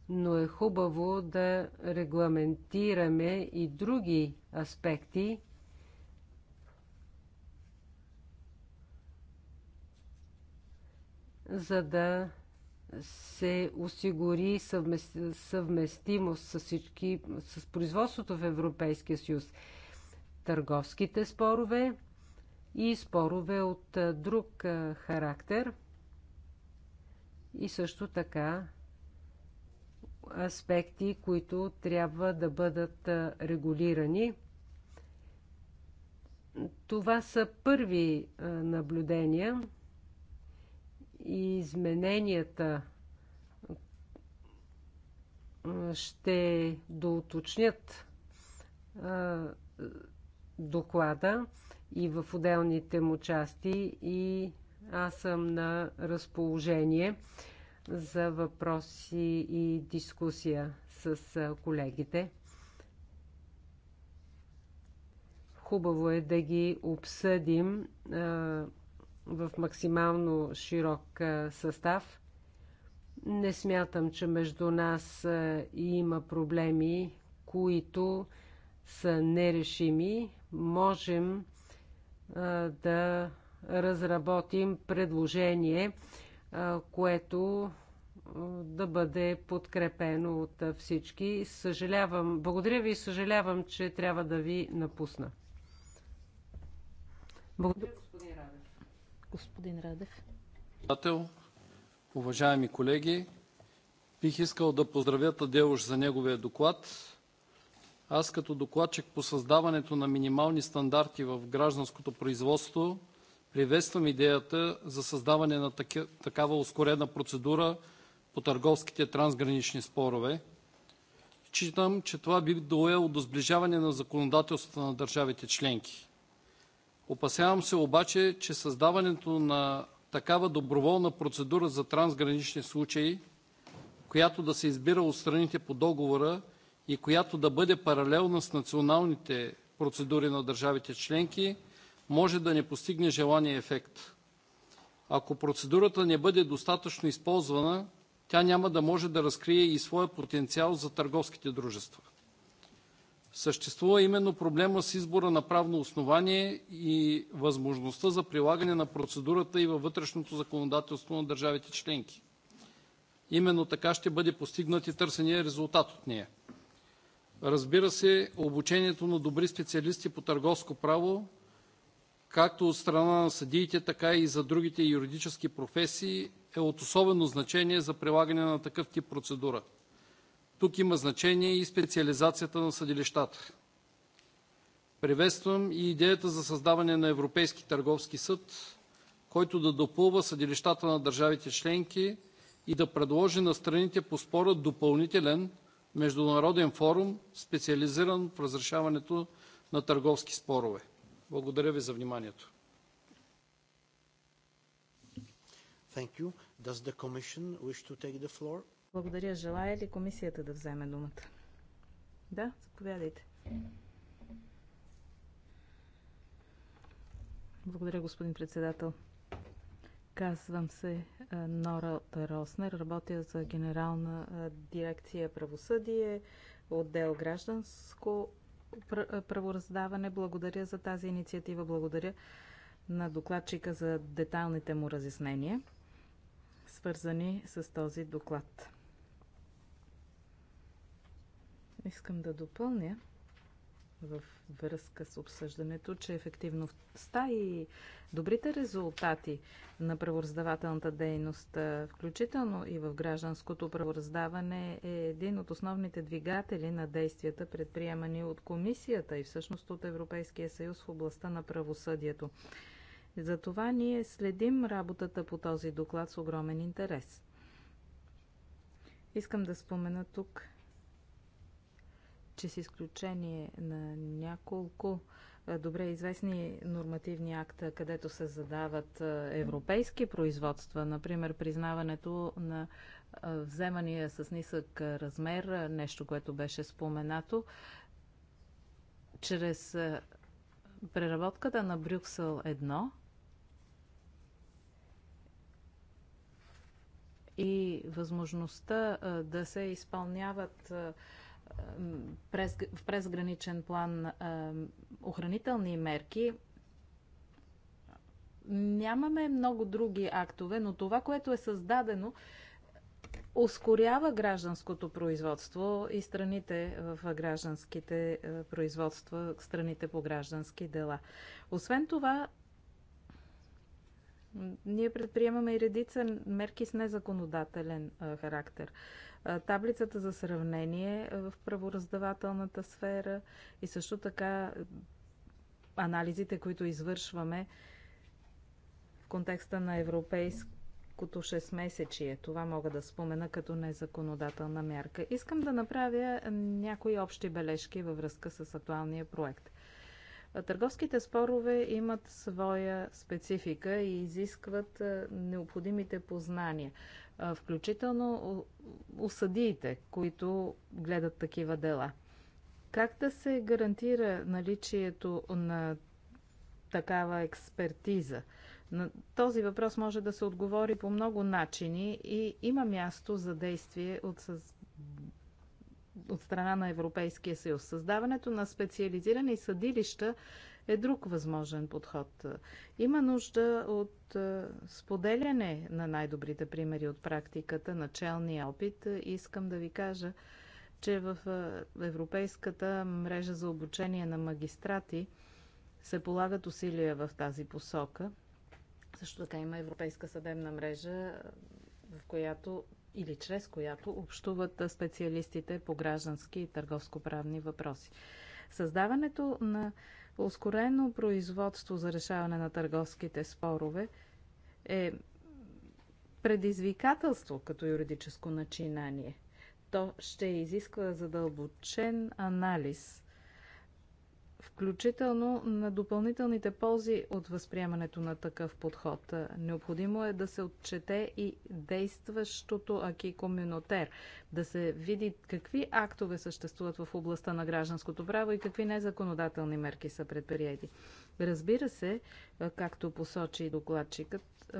Но е хубаво да регламентираме и други аспекти, за да се осигури съвместимост с, всички, с производството в Европейския съюз. Търговските спорове и спорове от друг характер и също така аспекти, които трябва да бъдат регулирани. Това са първи наблюдения. И измененията ще доуточнят доклада и в отделните му части и аз съм на разположение за въпроси и дискусия с колегите. Хубаво е да ги обсъдим в максимално широк състав. Не смятам, че между нас има проблеми, които са нерешими. Можем да разработим предложение, което да бъде подкрепено от всички. Съжалявам, благодаря ви и съжалявам, че трябва да ви напусна. Благодаря господин Радев. Председател, уважаеми колеги, бих искал да поздравя Тадеуш за неговия доклад. Аз като докладчик по създаването на минимални стандарти в гражданското производство приветствам идеята за създаване на такава ускорена процедура по търговските трансгранични спорове. Читам, че това би довело до сближаване на законодателството на държавите членки. Опасявам се обаче, че създаването на такава доброволна процедура за трансгранични случаи, която да се избира от страните по договора и която да бъде паралелна с националните процедури на държавите членки, може да не постигне желания ефект. Ако процедурата не бъде достатъчно използвана, тя няма да може да разкрие и своя потенциал за търговските дружества. Съществува именно проблема с избора на правно основание и възможността за прилагане на процедурата и във вътрешното законодателство на държавите членки. Именно така ще бъде постигнат и търсения резултат от нея. Разбира се, обучението на добри специалисти по търговско право, както от страна на съдиите, така и за другите юридически професии, е от особено значение за прилагане на такъв тип процедура – тук има значение и специализацията на съдилищата. Приветствам и идеята за създаване на Европейски търговски съд, който да допълва съдилищата на държавите членки и да предложи на страните по спора допълнителен международен форум, специализиран в разрешаването на търговски спорове. Благодаря ви за вниманието. Thank you. Does the Commission wish to take the floor? Благодаря. Желая ли комисията да вземе думата? Да, заповядайте. Благодаря, господин председател. Казвам се Нора Роснер. Работя за Генерална дирекция правосъдие, отдел гражданско правораздаване. Благодаря за тази инициатива. Благодаря на докладчика за детайлните му разяснения, свързани с този доклад. Искам да допълня в връзка с обсъждането, че ефективността и добрите резултати на правораздавателната дейност, включително и в гражданското правораздаване, е един от основните двигатели на действията, предприемани от Комисията и всъщност от Европейския съюз в областта на правосъдието. Затова ние следим работата по този доклад с огромен интерес. Искам да спомена тук че с изключение на няколко е, добре известни нормативни акта, където се задават е, европейски производства, например признаването на е, вземания с нисък размер, нещо, което беше споменато, чрез преработката на Брюксел 1 и възможността да се изпълняват през, в презграничен план охранителни мерки, нямаме много други актове, но това, което е създадено, ускорява гражданското производство и страните в гражданските производства, страните по граждански дела. Освен това, ние предприемаме и редица мерки с незаконодателен характер таблицата за сравнение в правораздавателната сфера и също така анализите, които извършваме в контекста на европейското 6-месечие. Това мога да спомена като незаконодателна мярка. Искам да направя някои общи бележки във връзка с актуалния проект. Търговските спорове имат своя специфика и изискват необходимите познания включително осъдиите, които гледат такива дела. Как да се гарантира наличието на такава експертиза? На този въпрос може да се отговори по много начини и има място за действие от, със... от страна на Европейския съюз. Създаването на специализирани съдилища е друг възможен подход. Има нужда от е, споделяне на най-добрите примери от практиката, началния опит. Искам да ви кажа, че в е, Европейската мрежа за обучение на магистрати се полагат усилия в тази посока. Също така има Европейска съдебна мрежа, в която или чрез която общуват е, специалистите по граждански и търговско-правни въпроси. Създаването на Ускорено производство за решаване на търговските спорове е предизвикателство като юридическо начинание. То ще изисква задълбочен анализ включително на допълнителните ползи от възприемането на такъв подход. Необходимо е да се отчете и действащото аки комюнотер, да се види какви актове съществуват в областта на гражданското право и какви незаконодателни мерки са предприяти. Разбира се, както посочи и докладчикът, е,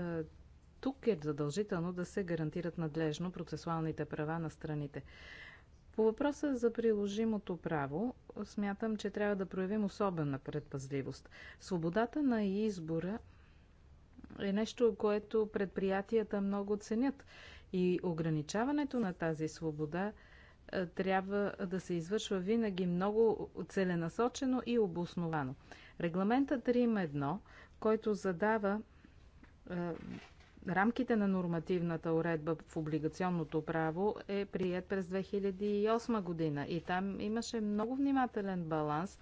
тук е задължително да се гарантират надлежно процесуалните права на страните. По въпроса за приложимото право, смятам, че трябва да проявим особена предпазливост. Свободата на избора е нещо, което предприятията много ценят. И ограничаването на тази свобода е, трябва да се извършва винаги много целенасочено и обосновано. Регламентът Рим 1, който задава е, рамките на нормативната уредба в облигационното право е прият през 2008 година и там имаше много внимателен баланс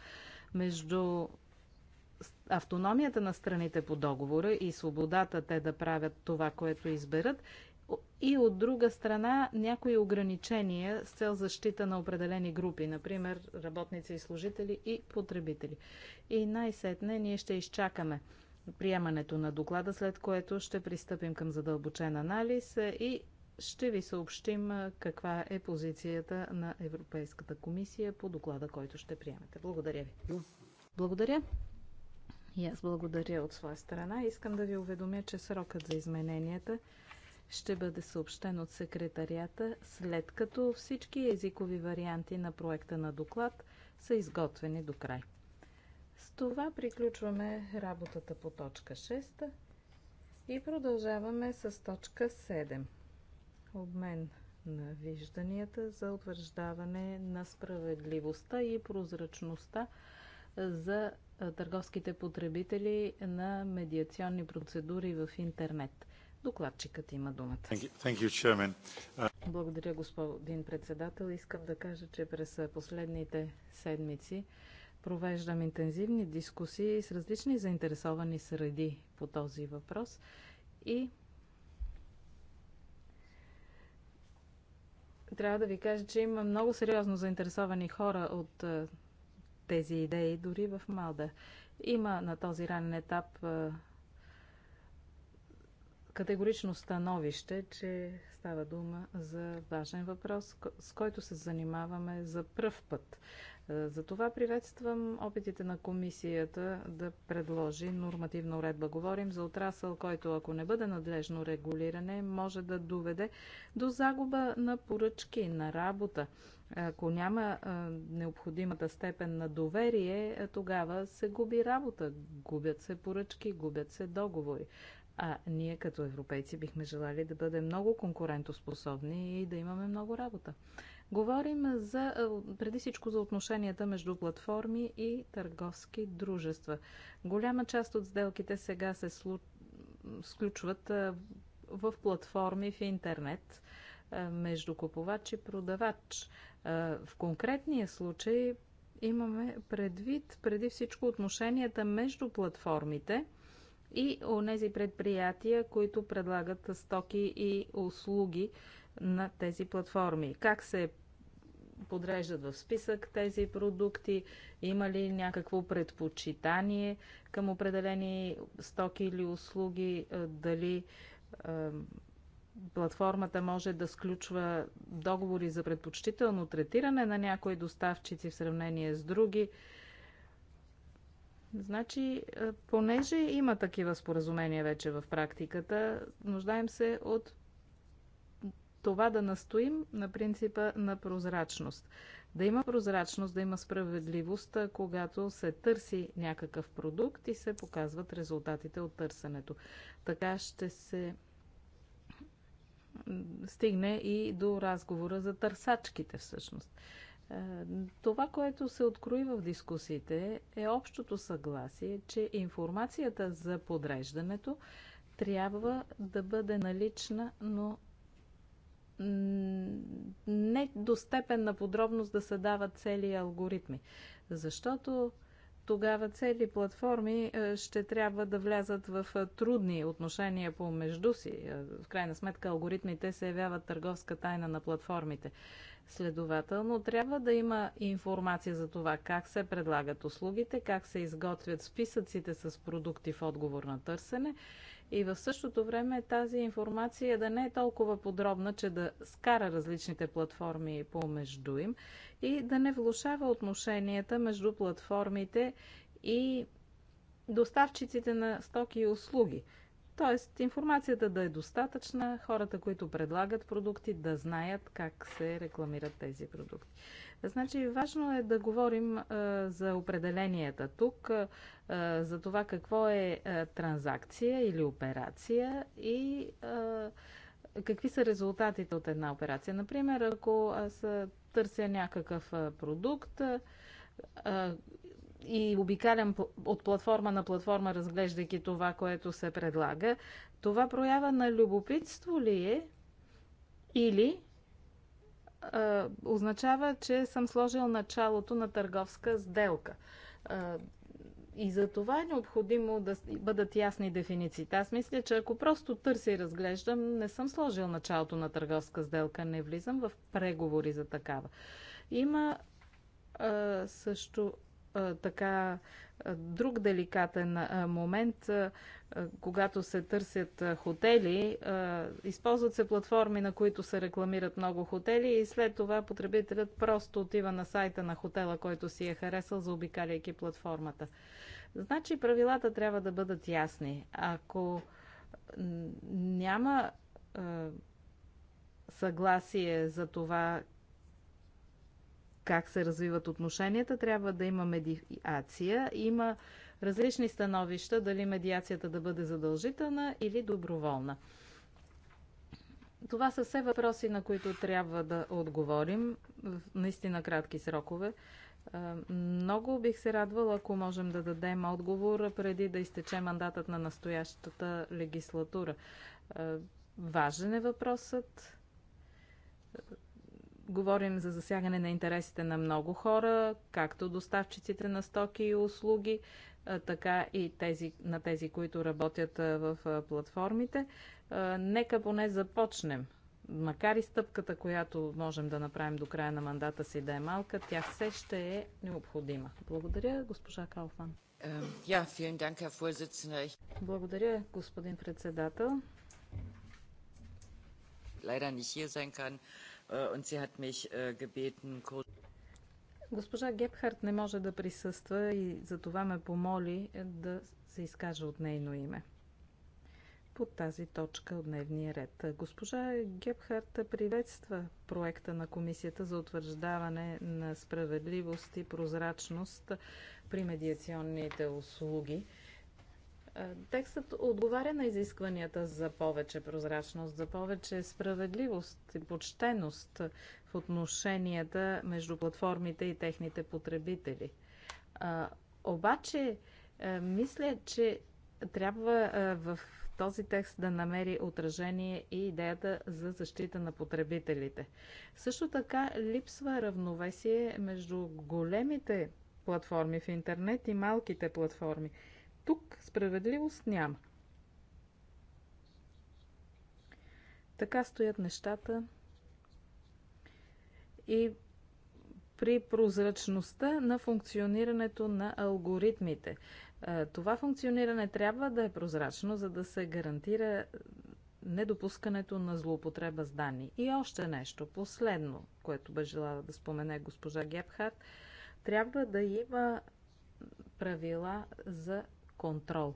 между автономията на страните по договора и свободата те да правят това, което изберат, и от друга страна някои ограничения с цел защита на определени групи, например работници и служители и потребители. И най-сетне ние ще изчакаме приемането на доклада, след което ще пристъпим към задълбочен анализ и ще ви съобщим каква е позицията на Европейската комисия по доклада, който ще приемете. Благодаря ви. Благодаря. И аз благодаря от своя страна. Искам да ви уведомя, че срокът за измененията ще бъде съобщен от секретарията, след като всички езикови варианти на проекта на доклад са изготвени до край това приключваме работата по точка 6 и продължаваме с точка 7. Обмен на вижданията за утвърждаване на справедливостта и прозрачността за търговските потребители на медиационни процедури в интернет. Докладчикът има думата. Thank you, thank uh, Благодаря, господин председател. Искам да кажа, че през последните седмици Провеждам интензивни дискусии с различни заинтересовани среди по този въпрос и трябва да ви кажа, че има много сериозно заинтересовани хора от тези идеи, дори в Малда. Има на този ранен етап категорично становище, че става дума за важен въпрос, с който се занимаваме за пръв път. Е, затова приветствам опитите на комисията да предложи нормативна уредба. Говорим за отрасъл, който ако не бъде надлежно регулиране, може да доведе до загуба на поръчки, на работа. Ако няма е, необходимата степен на доверие, е, тогава се губи работа, губят се поръчки, губят се договори. А ние като европейци бихме желали да бъдем много конкурентоспособни и да имаме много работа. Говорим за, преди всичко за отношенията между платформи и търговски дружества. Голяма част от сделките сега се слу... сключват в платформи в интернет между купувач и продавач. В конкретния случай имаме предвид преди всичко отношенията между платформите и онези предприятия, които предлагат стоки и услуги на тези платформи. Как се подреждат в списък тези продукти, има ли някакво предпочитание към определени стоки или услуги, е, дали е, платформата може да сключва договори за предпочтително третиране на някои доставчици в сравнение с други. Значи, е, понеже има такива споразумения вече в практиката, нуждаем се от това да настоим на принципа на прозрачност. Да има прозрачност, да има справедливост, когато се търси някакъв продукт и се показват резултатите от търсенето. Така ще се стигне и до разговора за търсачките всъщност. Това, което се открои в дискусиите е общото съгласие, че информацията за подреждането трябва да бъде налична, но не до степен на подробност да се дават цели алгоритми. Защото тогава цели платформи е, ще трябва да влязат в е, трудни отношения помежду си. Е, в крайна сметка алгоритмите се явяват търговска тайна на платформите. Следователно, трябва да има информация за това как се предлагат услугите, как се изготвят списъците с продукти в отговор на търсене и в същото време тази информация да не е толкова подробна, че да скара различните платформи помежду им и да не влушава отношенията между платформите и доставчиците на стоки и услуги. Тоест, информацията да е достатъчна, хората, които предлагат продукти, да знаят как се рекламират тези продукти. Значи, важно е да говорим а, за определенията тук, а, за това какво е а, транзакция или операция и а, какви са резултатите от една операция. Например, ако аз търся някакъв продукт, и обикалям от платформа на платформа, разглеждайки това, което се предлага. Това проява на любопитство ли е или а, означава, че съм сложил началото на търговска сделка? А, и за това е необходимо да бъдат ясни дефинициите. Аз мисля, че ако просто търся и разглеждам, не съм сложил началото на търговска сделка, не влизам в преговори за такава. Има а, също така друг деликатен момент, когато се търсят хотели, използват се платформи, на които се рекламират много хотели и след това потребителят просто отива на сайта на хотела, който си е харесал, заобикаляйки платформата. Значи правилата трябва да бъдат ясни. Ако няма съгласие за това как се развиват отношенията, трябва да има медиация. Има различни становища дали медиацията да бъде задължителна или доброволна. Това са все въпроси, на които трябва да отговорим в наистина кратки срокове. Много бих се радвала, ако можем да дадем отговор преди да изтече мандатът на настоящата легислатура. Важен е въпросът. Говорим за засягане на интересите на много хора, както доставчиците на стоки и услуги, така и тези, на тези, които работят в платформите. Нека поне започнем. Макар и стъпката, която можем да направим до края на мандата си да е малка, тя все ще е необходима. Благодаря, госпожа Калфан. Благодаря, господин председател. Leider nicht hier sein kann. Äh, und sie hat mich äh, gebeten, kurz Госпожа Гепхарт не може да присъства и за това ме помоли е, да се изкаже от нейно име. По тази точка от дневния ред. Госпожа Гепхарт приветства проекта на Комисията за утвърждаване на справедливост и прозрачност при медиационните услуги. Текстът отговаря на изискванията за повече прозрачност, за повече справедливост и почтеност в отношенията между платформите и техните потребители. Обаче, мисля, че трябва в този текст да намери отражение и идеята за защита на потребителите. Също така липсва равновесие между големите платформи в интернет и малките платформи. Тук справедливост няма. Така стоят нещата и при прозрачността на функционирането на алгоритмите. Това функциониране трябва да е прозрачно, за да се гарантира недопускането на злоупотреба с данни. И още нещо, последно, което бе желала да спомене госпожа Гепхарт, трябва да има правила за контрол.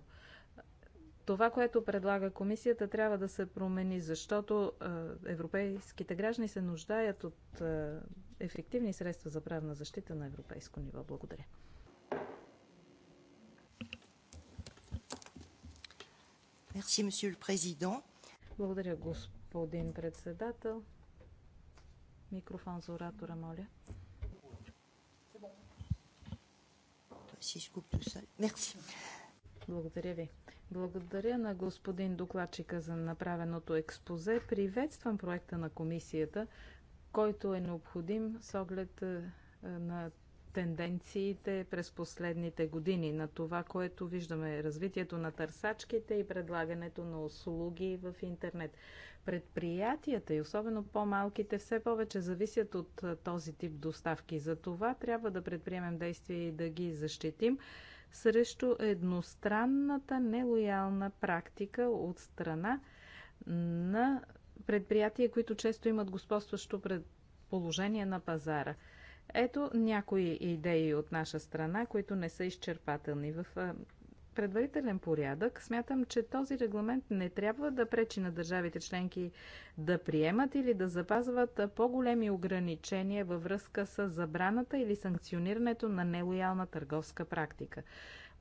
Това, което предлага комисията, трябва да се промени, защото европейските граждани се нуждаят от ефективни средства за правна защита на европейско ниво. Благодаря. Merci, monsieur le président. Благодаря, господин председател. Микрофон за оратора, моля. Merci. Благодаря ви. Благодаря на господин докладчика за направеното експозе. Приветствам проекта на комисията, който е необходим с оглед е, на тенденциите през последните години, на това, което виждаме развитието на търсачките и предлагането на услуги в интернет. Предприятията и особено по-малките все повече зависят от е, този тип доставки. За това трябва да предприемем действия и да ги защитим срещу едностранната нелоялна практика от страна на предприятия, които често имат господстващо предположение на пазара. Ето някои идеи от наша страна, които не са изчерпателни. В предварителен порядък, смятам, че този регламент не трябва да пречи на държавите членки да приемат или да запазват по-големи ограничения във връзка с забраната или санкционирането на нелоялна търговска практика.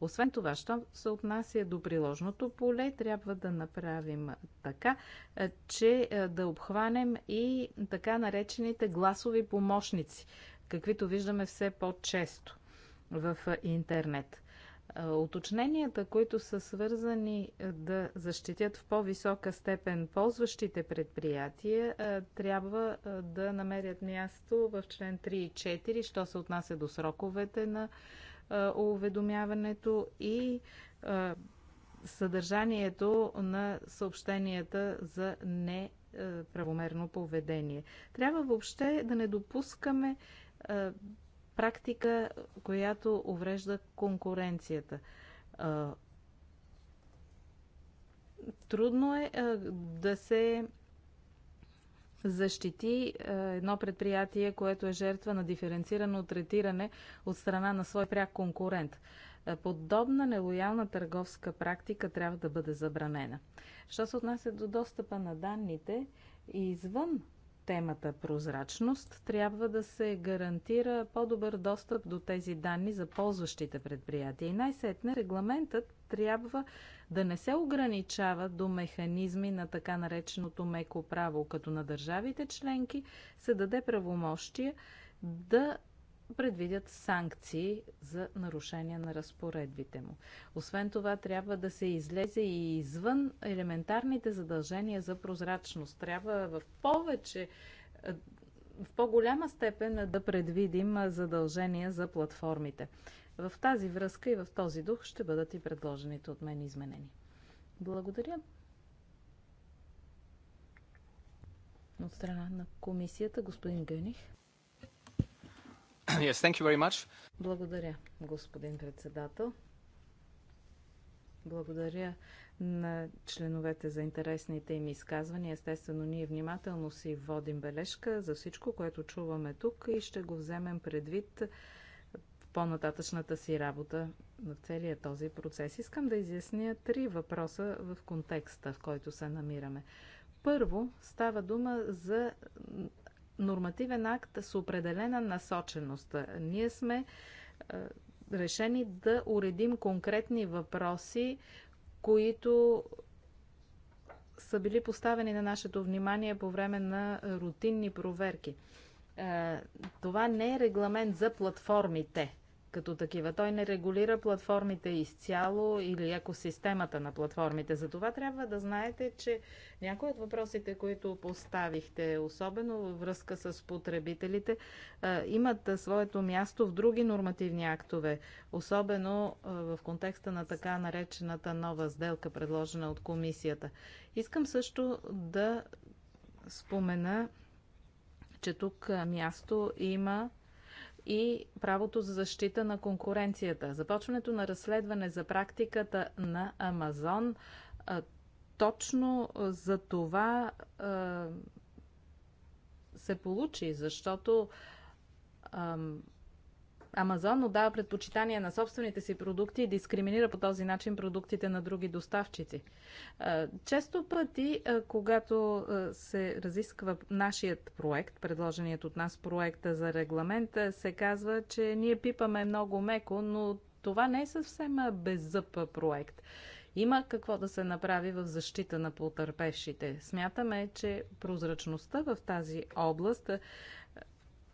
Освен това, що се отнася до приложното поле, трябва да направим така, е, че е, да обхванем и така наречените гласови помощници, каквито виждаме все по-често в е, интернет. Уточненията, които са свързани да защитят в по-висока степен ползващите предприятия, трябва да намерят място в член 3 и 4, що се отнася до сроковете на уведомяването и съдържанието на съобщенията за неправомерно поведение. Трябва въобще да не допускаме практика, която уврежда конкуренцията. Трудно е да се защити едно предприятие, което е жертва на диференцирано третиране от страна на свой пряк конкурент. Подобна нелоялна търговска практика трябва да бъде забранена. Що се отнася до достъпа на данните, извън темата прозрачност, трябва да се гарантира по-добър достъп до тези данни за ползващите предприятия. И най-сетне регламентът трябва да не се ограничава до механизми на така нареченото меко право, като на държавите членки се даде правомощие да предвидят санкции за нарушение на разпоредбите му. Освен това, трябва да се излезе и извън елементарните задължения за прозрачност. Трябва в повече е, в по-голяма степен да предвидим задължения за платформите. В тази връзка и в този дух ще бъдат и предложените от мен изменения. Благодаря. От страна на комисията, господин Гъних. Yes, thank you very much. Благодаря, господин председател. Благодаря на членовете за интересните им изказвания. Естествено, ние внимателно си водим бележка за всичко, което чуваме тук и ще го вземем предвид в по-нататъчната си работа на целия този процес. Искам да изясня три въпроса в контекста, в който се намираме. Първо, става дума за нормативен акт с определена насоченост. Ние сме е, решени да уредим конкретни въпроси, които са били поставени на нашето внимание по време на рутинни проверки. Е, това не е регламент за платформите като такива. Той не регулира платформите изцяло или екосистемата на платформите. Затова трябва да знаете, че някои от въпросите, които поставихте, особено във връзка с потребителите, имат своето място в други нормативни актове, особено в контекста на така наречената нова сделка, предложена от комисията. Искам също да спомена, че тук място има и правото за защита на конкуренцията. Започването на разследване за практиката на Амазон точно за това се получи, защото Амазон отдава предпочитание на собствените си продукти и дискриминира по този начин продуктите на други доставчици. Често пъти, когато се разисква нашият проект, предложеният от нас проекта за регламент, се казва, че ние пипаме много меко, но това не е съвсем беззъб проект. Има какво да се направи в защита на потърпевшите. Смятаме, че прозрачността в тази област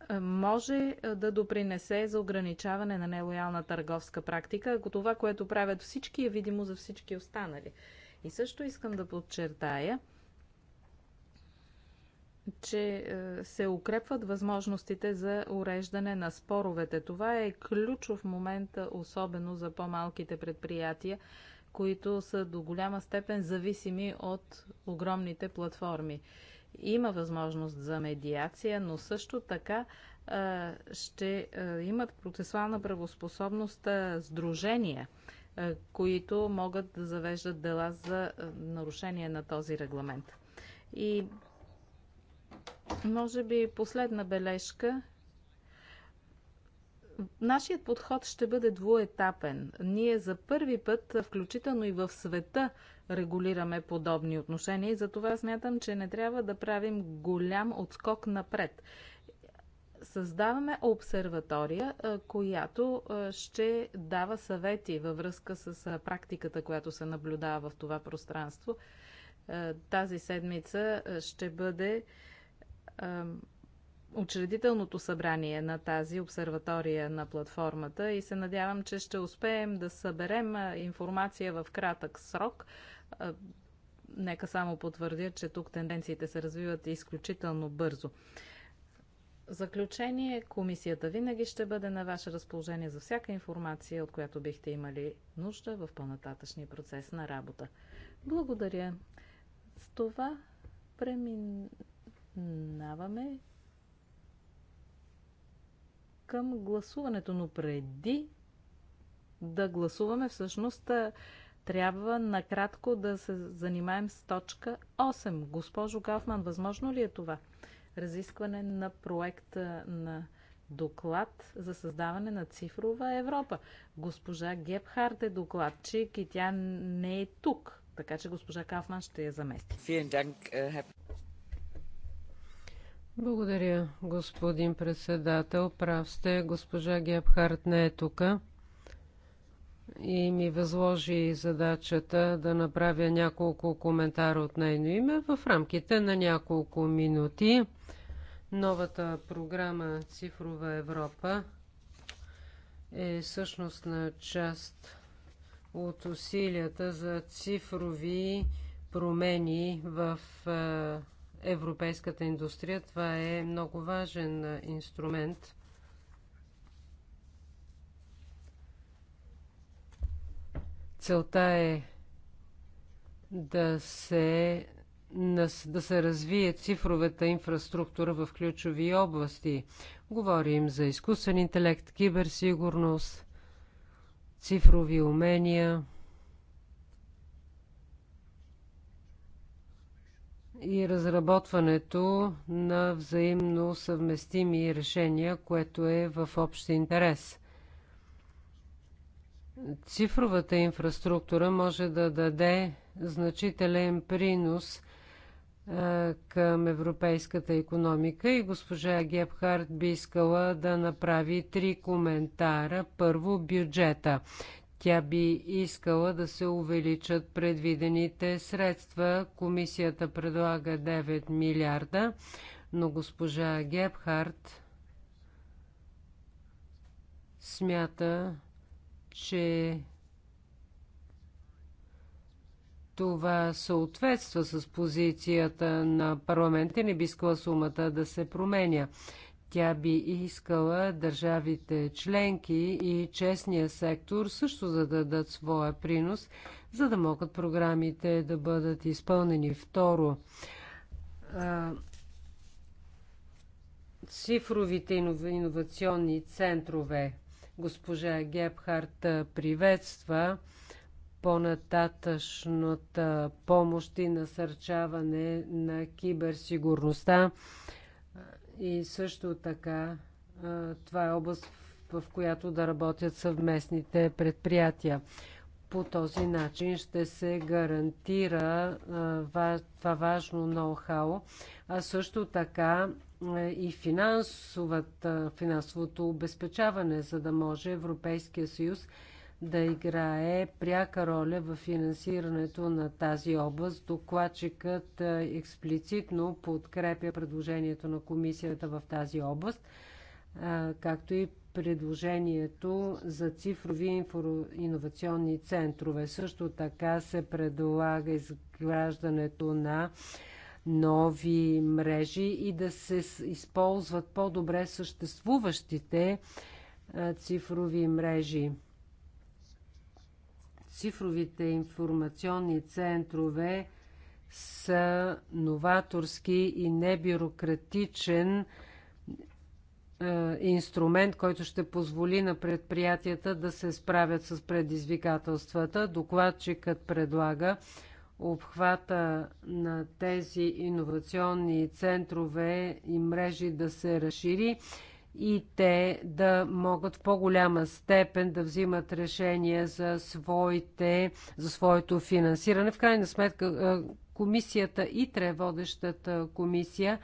е, може е, да допринесе за ограничаване на нелоялна търговска практика, ако това, което правят всички, е видимо за всички останали. И също искам да подчертая, че е, се укрепват възможностите за уреждане на споровете. Това е ключов момент, особено за по-малките предприятия, които са до голяма степен зависими от огромните платформи. Има възможност за медиация, но също така ще имат процесуална правоспособност сдружения, които могат да завеждат дела за нарушение на този регламент. И може би последна бележка Нашият подход ще бъде двуетапен. Ние за първи път, включително и в света, регулираме подобни отношения и затова смятам, че не трябва да правим голям отскок напред. Създаваме обсерватория, която ще дава съвети във връзка с практиката, която се наблюдава в това пространство. Тази седмица ще бъде учредителното събрание на тази обсерватория на платформата и се надявам, че ще успеем да съберем информация в кратък срок. Нека само потвърдя, че тук тенденциите се развиват изключително бързо. Заключение, комисията винаги ще бъде на ваше разположение за всяка информация, от която бихте имали нужда в по-нататъчния процес на работа. Благодаря. С това преминаваме към гласуването, но преди да гласуваме, всъщност трябва накратко да се занимаем с точка 8. Госпожо Кафман, възможно ли е това? Разискване на проекта на доклад за създаване на цифрова Европа. Госпожа Гепхард е докладчик и тя не е тук, така че госпожа Кафман ще я замести. Благодаря, господин председател. Прав сте, госпожа Гебхарт не е тук и ми възложи задачата да направя няколко коментара от нейно име в рамките на няколко минути. Новата програма Цифрова Европа е всъщност на част от усилията за цифрови промени в е, европейската индустрия. Това е много важен инструмент. Целта е да се, да се развие цифровата инфраструктура в ключови области. Говорим за изкуствен интелект, киберсигурност, цифрови умения – и разработването на взаимно съвместими решения, което е в общ интерес. Цифровата инфраструктура може да даде значителен принос към европейската економика и госпожа Гебхард би искала да направи три коментара. Първо, бюджета. Тя би искала да се увеличат предвидените средства. Комисията предлага 9 милиарда, но госпожа Гебхарт смята, че това съответства с позицията на парламента и не би искала сумата да се променя. Тя би искала държавите членки и честния сектор също да дадат своя принос, за да могат програмите да бъдат изпълнени. Второ, цифровите иновационни центрове. Госпожа Гебхарт приветства по-нататъчната помощ и насърчаване на киберсигурността и също така това е област, в която да работят съвместните предприятия. По този начин ще се гарантира това важно ноу-хау, а също така и финансовото обезпечаване, за да може Европейския съюз да играе пряка роля в финансирането на тази област. Докладчикът е, експлицитно подкрепя предложението на комисията в тази област, е, както и предложението за цифрови иновационни центрове. Също така се предлага изграждането на нови мрежи и да се използват по-добре съществуващите е, цифрови мрежи цифровите информационни центрове са новаторски и небюрократичен е, инструмент, който ще позволи на предприятията да се справят с предизвикателствата. Докладчикът предлага обхвата на тези иновационни центрове и мрежи да се разшири и те да могат в по-голяма степен да взимат решения за, своите, за своето финансиране. В крайна сметка, комисията и водещата комисия,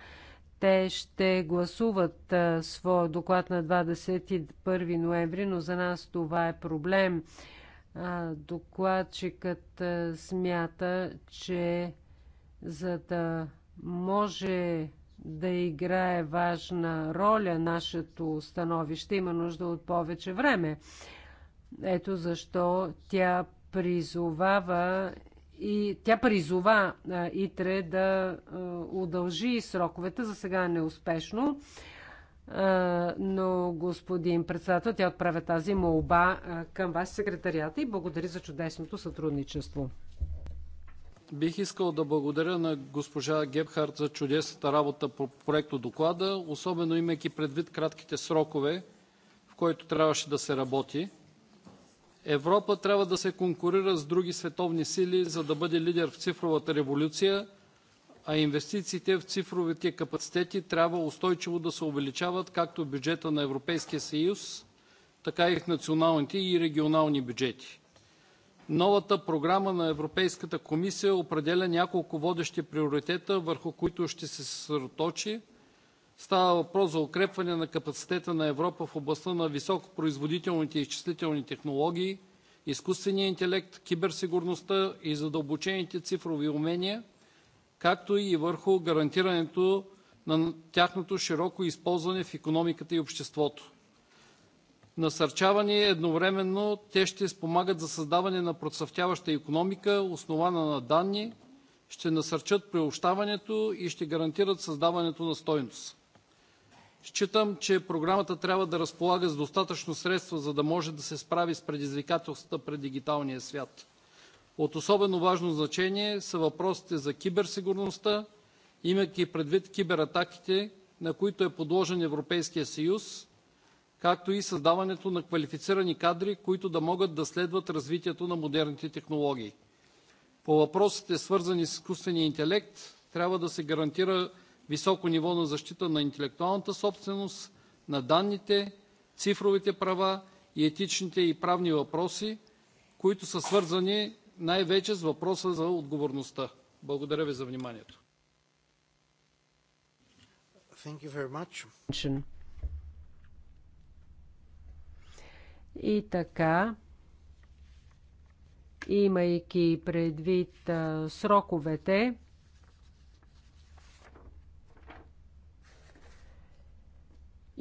те ще гласуват своя доклад на 21 ноември, но за нас това е проблем. Докладчикът смята, че за да може да играе важна роля нашето становище. Има нужда от повече време. Ето защо тя призовава и тя призова ИТРЕ да удължи сроковете, за сега неуспешно, но господин председател, тя отправя тази молба към вас, секретарията и благодари за чудесното сътрудничество. Бих искал да благодаря на госпожа Гебхард за чудесната работа по доклада, особено имайки предвид кратките срокове, в които трябваше да се работи. Европа трябва да се конкурира с други световни сили, за да бъде лидер в цифровата революция, а инвестициите в цифровите капацитети трябва устойчиво да се увеличават както в бюджета на Европейския съюз, така и в националните и регионални бюджети. Новата програма на Европейската комисия определя няколко водещи приоритета, върху които ще се съсредоточи. Става въпрос за укрепване на капацитета на Европа в областта на високопроизводителните изчислителни технологии, изкуствения интелект, киберсигурността и задълбочените цифрови умения, както и върху гарантирането на тяхното широко използване в икономиката и обществото насърчавани, е едновременно те ще спомагат за създаване на процъфтяваща економика, основана на данни, ще насърчат приобщаването и ще гарантират създаването на стойност. Считам, че програмата трябва да разполага с достатъчно средства, за да може да се справи с предизвикателствата пред дигиталния свят. От особено важно значение са въпросите за киберсигурността, имайки предвид кибератаките, на които е подложен Европейския съюз, както и създаването на квалифицирани кадри, които да могат да следват развитието на модерните технологии. По въпросите, свързани с изкуствения интелект, трябва да се гарантира високо ниво на защита на интелектуалната собственост, на данните, цифровите права и етичните и правни въпроси, които са свързани най-вече с въпроса за отговорността. Благодаря ви за вниманието. И така, имайки предвид а, сроковете,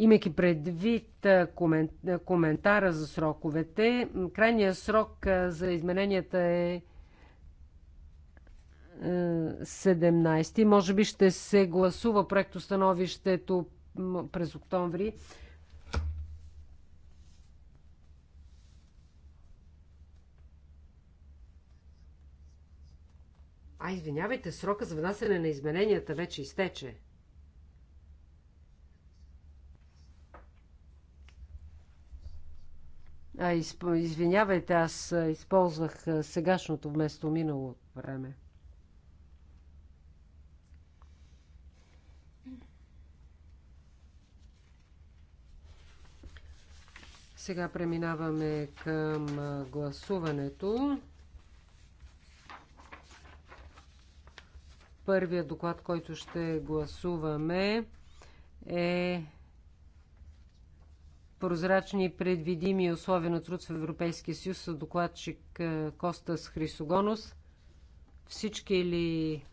Имайки предвид коментара за сроковете, крайният срок за измененията е 17. Може би ще се гласува проектостановището през октомври. А, извинявайте, срока за внасяне на измененията вече изтече. А, изп... извинявайте, аз използвах сегашното вместо минало време. Сега преминаваме към гласуването. Първият доклад, който ще гласуваме е прозрачни и предвидими условия на труд в Европейския съюз с докладчик е, Костас Хрисогонос. Всички ли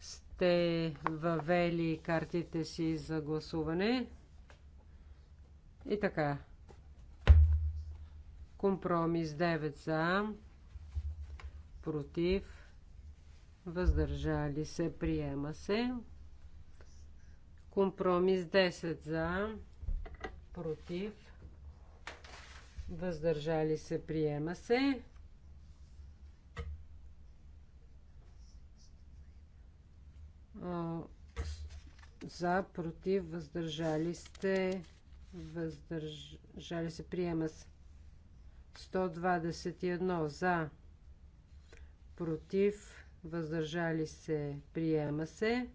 сте въвели картите си за гласуване? И така. Компромис 9 за, против въздържали се, приема се. Компромис 10 за, против, въздържали се, приема се. За, против, въздържали се, въздържали се, приема се. 121 за, против, въздържали се, приема се.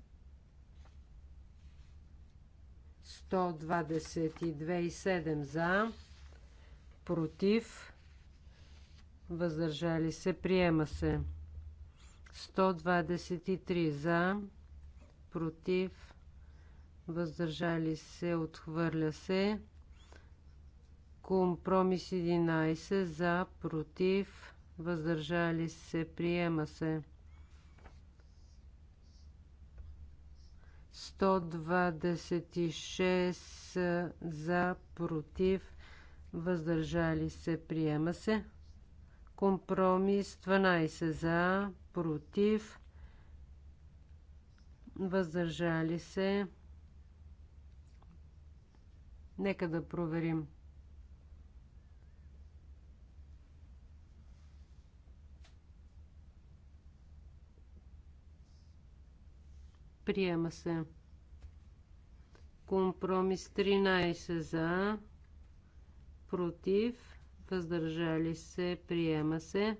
122 за, против, въздържали се, приема се. 123 за, против, въздържали се, отхвърля се. Компромис 11 за, против, въздържали се, приема се. 126 за, против, въздържали се, приема се. Компромис 12 за, против, въздържали се. Нека да проверим. Приема се. Компромис 13 за. Против. Въздържали се. Приема се.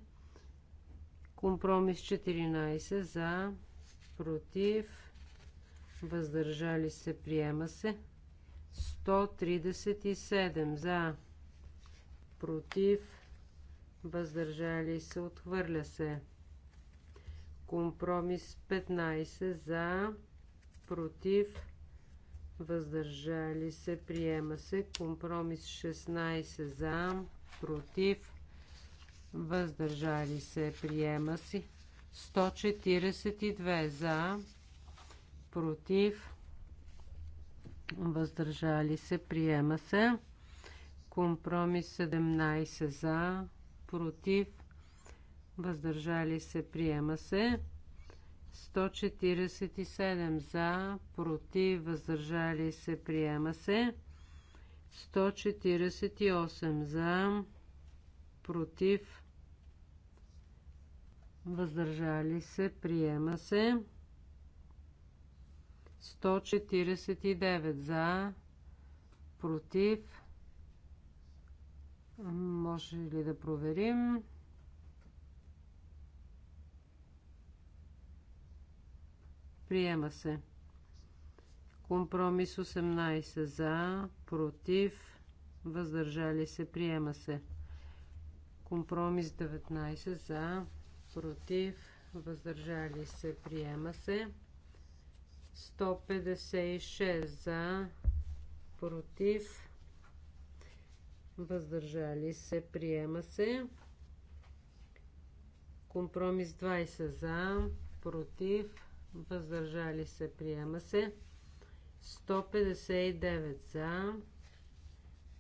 Компромис 14 за. Против. Въздържали се. Приема се. 137 за. Против. Въздържали се. Отхвърля се. Компромис 15 за, против, въздържали се, приема се. Компромис 16 за, против, въздържали се, приема се. 142 за, против, въздържали се, приема се. Компромис 17 за, против, въздържали се, приема се. 147 за, против, въздържали се, приема се. 148 за, против, въздържали се, приема се. 149 за, против. Може ли да проверим? Приема се. Компромис 18 за, против, въздържали се, приема се. Компромис 19 за, против, въздържали се, приема се. 156 за, против, въздържали се, приема се. Компромис 20 за, против, въздържали се, приема се. 159 за,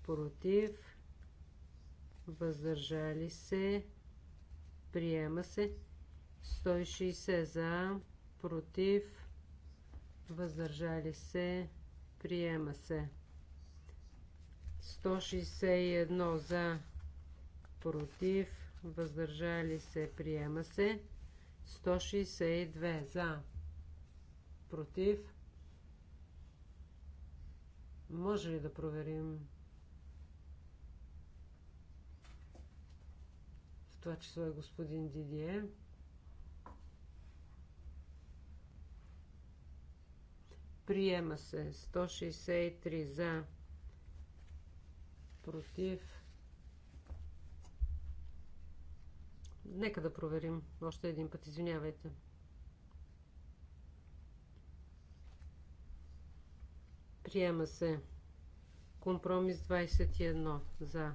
против, въздържали се, приема се. 160 за, против, въздържали се, приема се. 161 за, против, въздържали се, приема се. 162 за, против. Може ли да проверим в това число е господин Дидие? Приема се 163 за против. Нека да проверим още един път. Извинявайте. 163. Приема се. Компромис 21 за.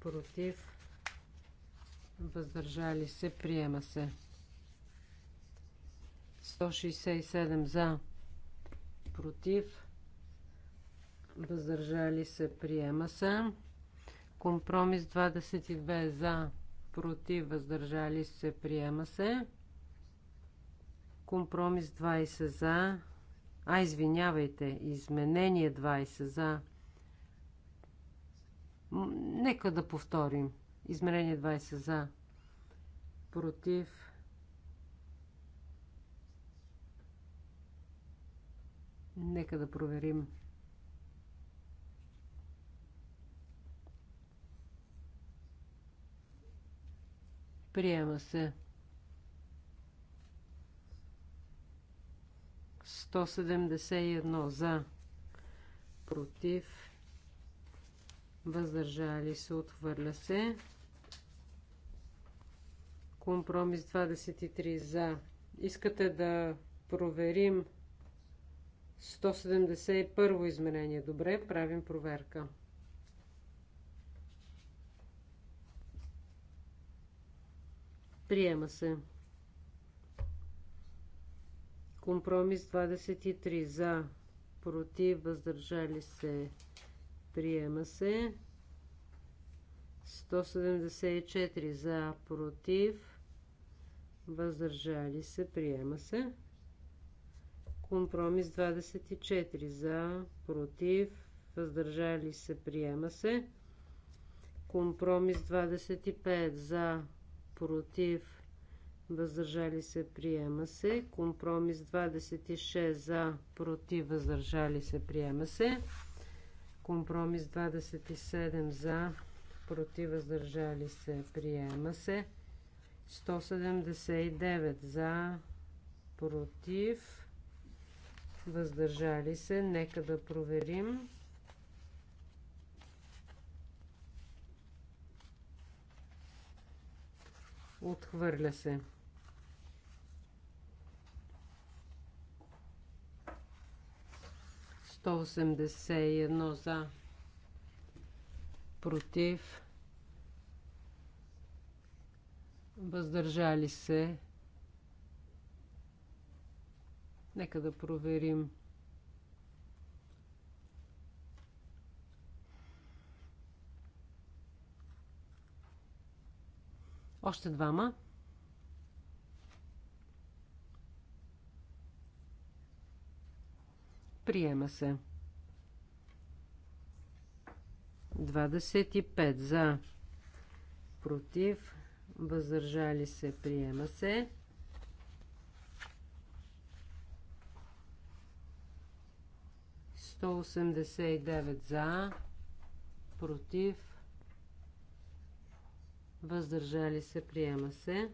Против. Въздържали се. Приема се. 167 за. Против. Въздържали се. Приема се. Компромис 22 за. Против. Въздържали се. Приема се. Компромис 20 за а, извинявайте, изменение 20 за. Нека да повторим. Изменение 20 за. Против. Нека да проверим. Приема се. 171 за, против, въздържали се, отхвърля се. Компромис 23 за. Искате да проверим 171 изменение. Добре, правим проверка. Приема се. Компромис 23 за, против, въздържали се, приема се. 174 за, против, въздържали се, приема се. Компромис 24 за, против, въздържали се, приема се. Компромис 25 за, против, въздържали се, приема се. Компромис 26 за, против, въздържали се, приема се. Компромис 27 за, против, въздържали се, приема се. 179 за, против, въздържали се. Нека да проверим. Отхвърля се. 181 за, против, въздържали се. Нека да проверим. Още двама. Приема се. 25 за. Против. Въздържали се. Приема се. Сто за. Против. Въздържали се. Приема се.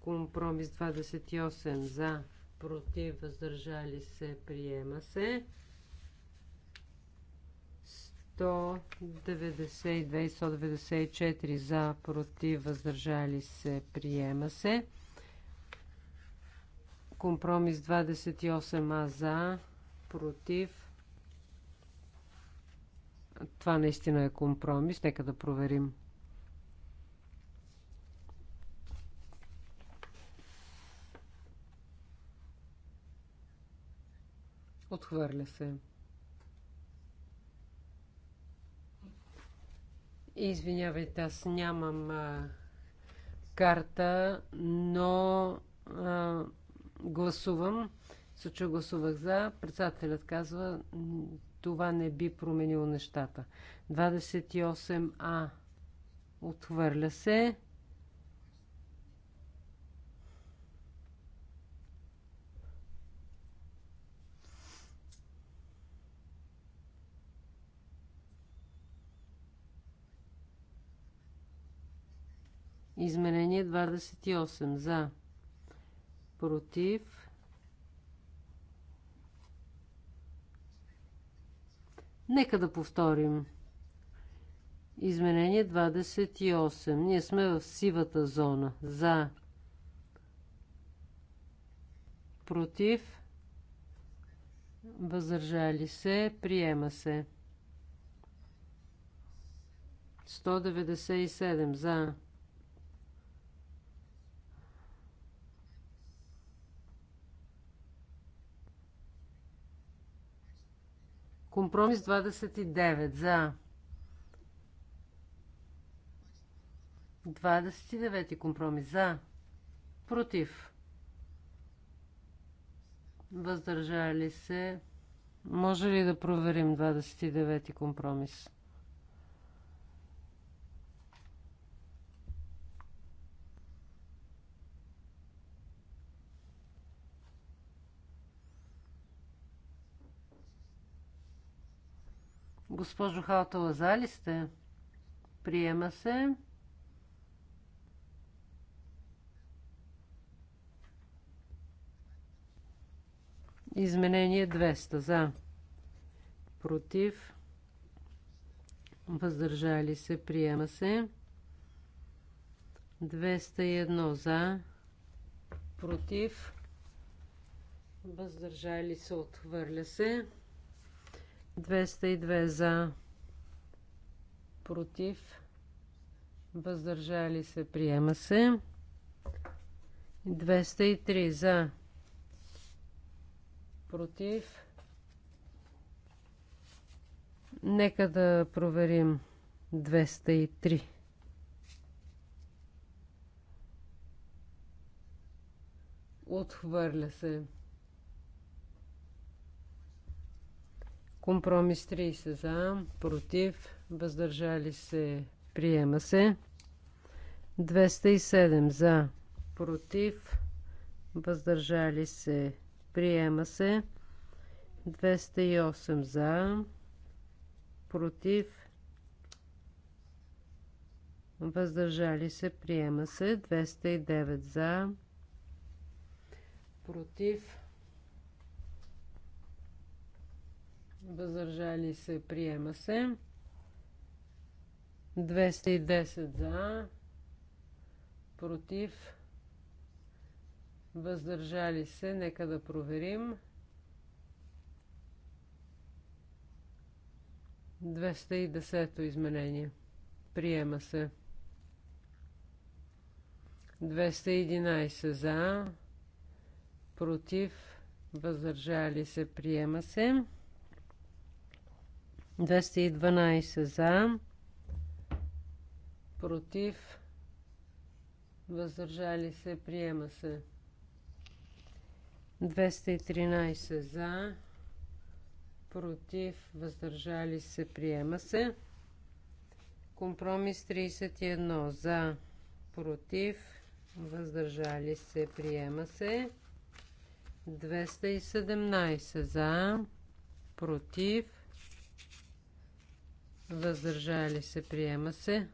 Компромис 28 за против, въздържали се, приема се. 192 и 194 за, против, въздържали се, приема се. Компромис 28а за, против. Това наистина е компромис. Нека да проверим. Отхвърля се. Извинявайте, аз нямам а, карта, но а, гласувам. Съчу гласувах за. Председателят казва, това не би променило нещата. 28А. Отхвърля се. Изменение 28 за. Против. Нека да повторим. Изменение 28. Ние сме в сивата зона. За. Против. Въздържали се. Приема се. 197. За. Компромис 29 за. 29 компромис за. Против. Въздържали се. Може ли да проверим 29 компромис? Госпожо Халтова за ли сте? Приема се. Изменение 200 за. Против. Въздържали се. Приема се. 201 за. Против. Въздържали се. Отхвърля се. 202 за, против, въздържали се, приема се. 203 за, против. Нека да проверим 203. Отхвърля се. Компромис 30 за, против, въздържали се, приема се. 207 за, против, въздържали се, приема се. 208 за, против, въздържали се, приема се. 209 за, против, въздържали се, приема се. 210 за, против, въздържали се, нека да проверим. 210 изменение. Приема се. 211 за, против, въздържали се, приема се. 212 за, против, въздържали се, приема се. 213 за, против, въздържали се, приема се. Компромис 31 за, против, въздържали се, приема се. 217 за, против, въздържали се, приема се.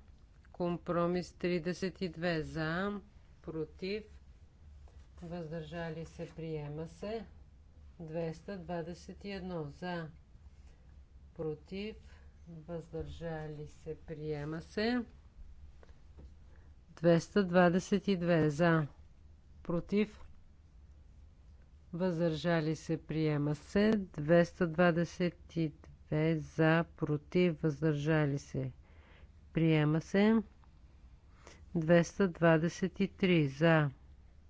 Компромис 32 за, против, въздържали се, приема се. 221 за, против, въздържали се, приема се. 222 за, против, въздържали се, приема се. 223 2 за, против, въздържали се. Приема се. 223 за,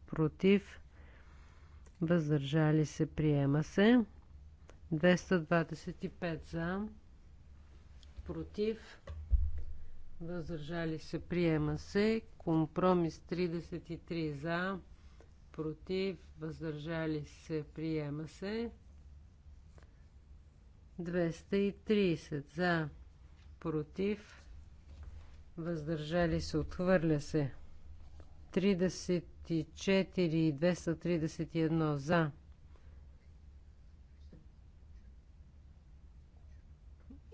против, въздържали се. Приема се. 225 за, против, въздържали се. Приема се. Компромис 33 за, против, въздържали се. Приема се. 230 за, против, въздържали се, отхвърля се. 34 и 231 за.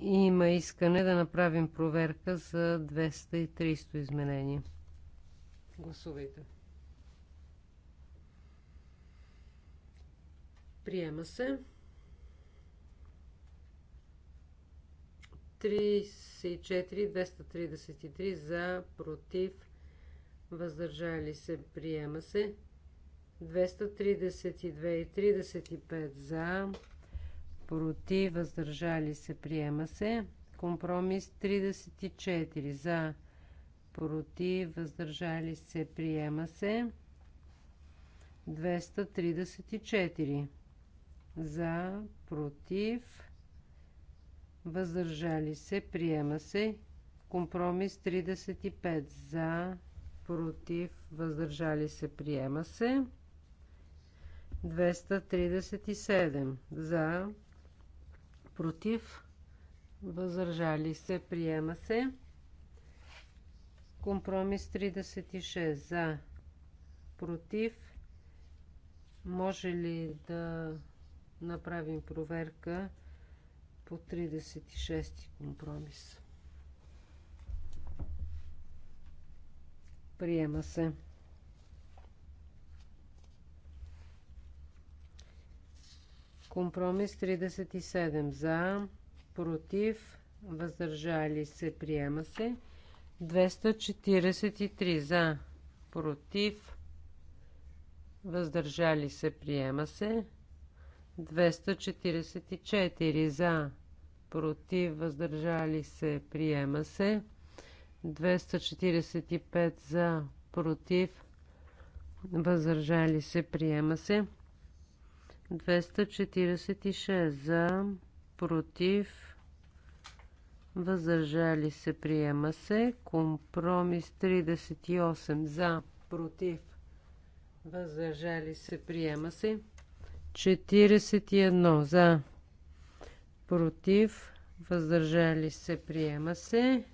Има искане да направим проверка за 230 изменение. Гласувайте. Приема се. 34-233 за, против, въздържали се, приема се. 232 и 35 за, против, въздържали се, приема се. Компромис 34 за, против, въздържали се, приема се. 234 за, против, въздържали се, приема се. Компромис 35 за, против, въздържали се, приема се. 237 за, против, въздържали се, приема се. Компромис 36 за, против. Може ли да направим проверка? по 36 компромис. Приема се. Компромис 37 за, против, въздържали се, приема се. 243 за, против, въздържали се, приема се. 244 за, против, въздържали се, приема се. 245 за, против, въздържали се, приема се. 246 за, против, въздържали се, приема се. Компромис 38 за, против, въздържали се, приема се. 41 за, против, въздържали се, приема се.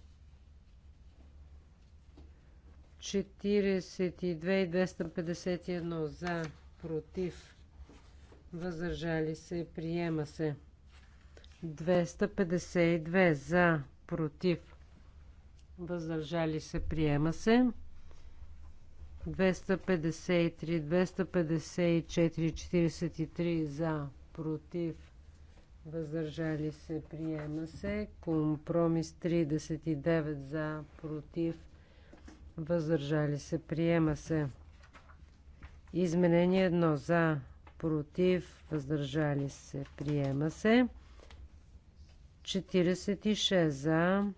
42,251 за, против, въздържали се, приема се. 252 за, против, въздържали се, приема се. 253, 254, 43 за, против, въздържали се, приема се. Компромис 39 за, против, въздържали се, приема се. Изменение 1 за, против, въздържали се, приема се. 46 за,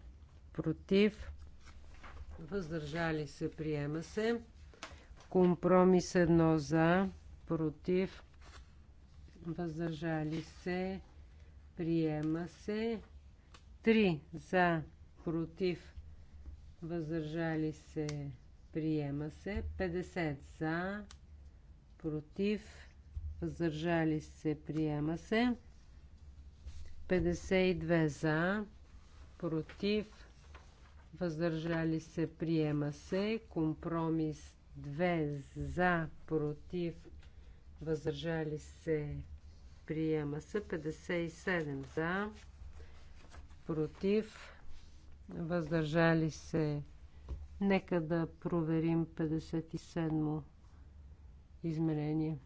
против, въздържали се, приема се. Компромис 1 за, против, въздържали се, Приема се. 3 за, против, въздържали се. Приема се. 50 за, против, въздържали се. Приема се. 52 за, против, въздържали се. Приема се. Компромис 2 за, против, въздържали се приема се 57 за, против, въздържали се. Нека да проверим 57 измерение.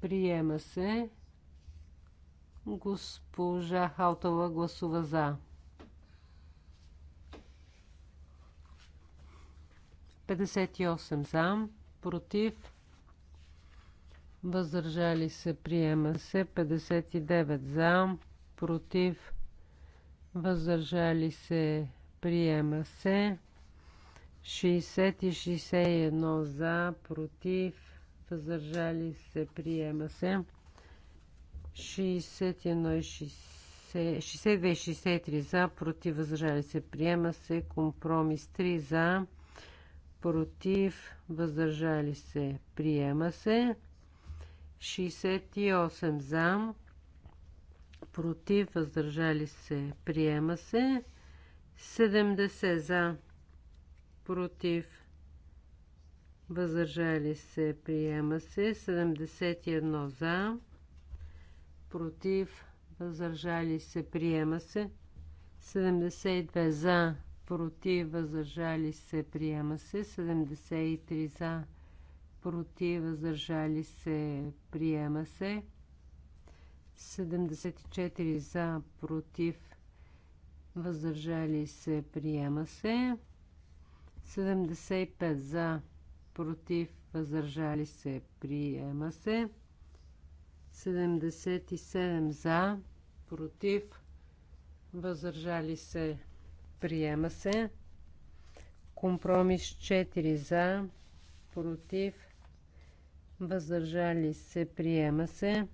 Приема се. Госпожа Халтова гласува за. 58 за, против, въздържали се, приема се. 59 за, против, въздържали се, приема се. 60 61 за, против, въздържали се, приема се. 62-63 за, против въздържали се, приема се, компромис 3 за, против въздържали се, приема се, 68 за, против, въздържали се, приема се. 70 за, против, въздържали се, приема се. 71 за, против, въздържали се, приема се. 72 за, против, въздържали се, приема се. 73 за, против, въздържали се, приема се. 74 за, против, въздържали се, приема се. 75 за, против, въздържали се, приема се. 77 за, против, въздържали се, приема се. Компромис 4 за, против, въздържали се, приема се.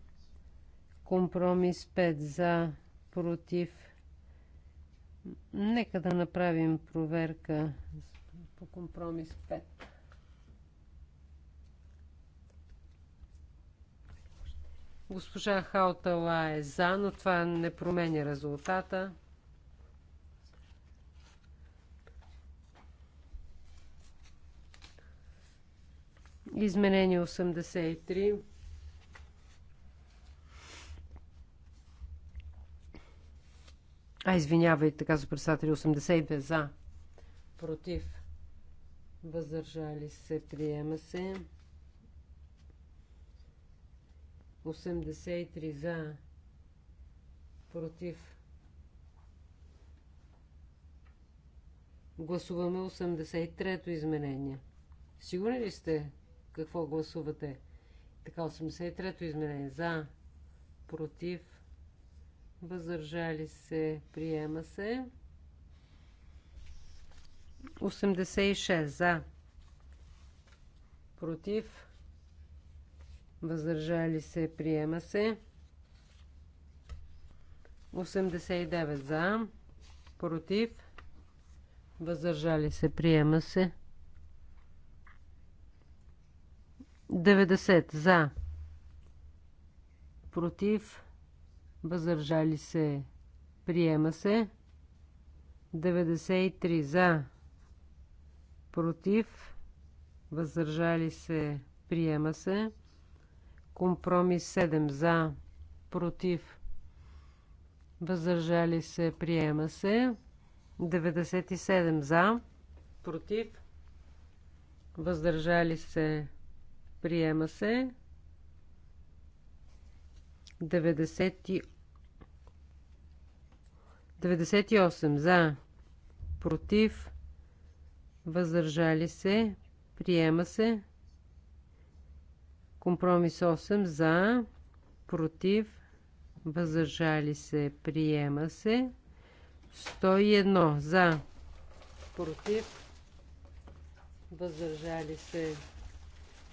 Компромис 5 за, против. Нека да направим проверка по компромис 5. Госпожа Хаутала е за, но това не променя резултата. Изменение 83. А, извинявайте, казва председатели, 82 за, против, въздържали се, приема се. 83 за, против. Гласуваме 83-то изменение. Сигурни ли сте? какво гласувате. Така, 83-то изменение. За, против, въздържали се, приема се. 86 за, против, въздържали се, приема се. 89 за, против, въздържали се, приема се. 90 за. Против. Въздържали се. Приема се. 93 за. Против. Въздържали се. Приема се. Компромис 7 за. Против. Въздържали се. Приема се. 97 за. Против. Въздържали се. Приема се. 90... 98 за. Против. Въздържали се. Приема се. Компромис 8 за. Против. Въздържали се. Приема се. 101 за. Против. Въздържали се.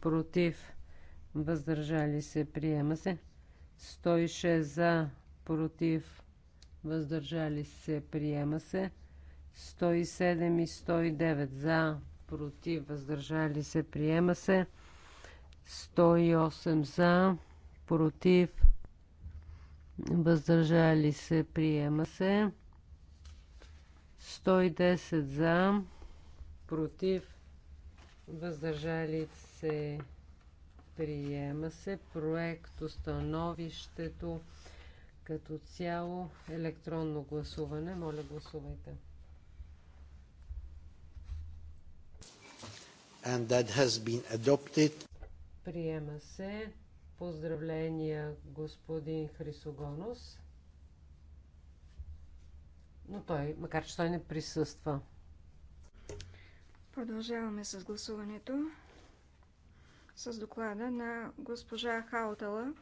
против, въздържали се, приема се. 106 за, против, въздържали се, приема се. 107 и 109 за, против, въздържали се, приема се. 108 за, против, въздържали се, приема се. 110 за, против, въздържали се се приема се проект установището като цяло електронно гласуване. Моля, гласувайте. And that has been adopted. Приема се. Поздравления, господин Хрисогонос. Но той, макар че той не присъства. Продължаваме с гласуването с доклада на госпожа Хаутала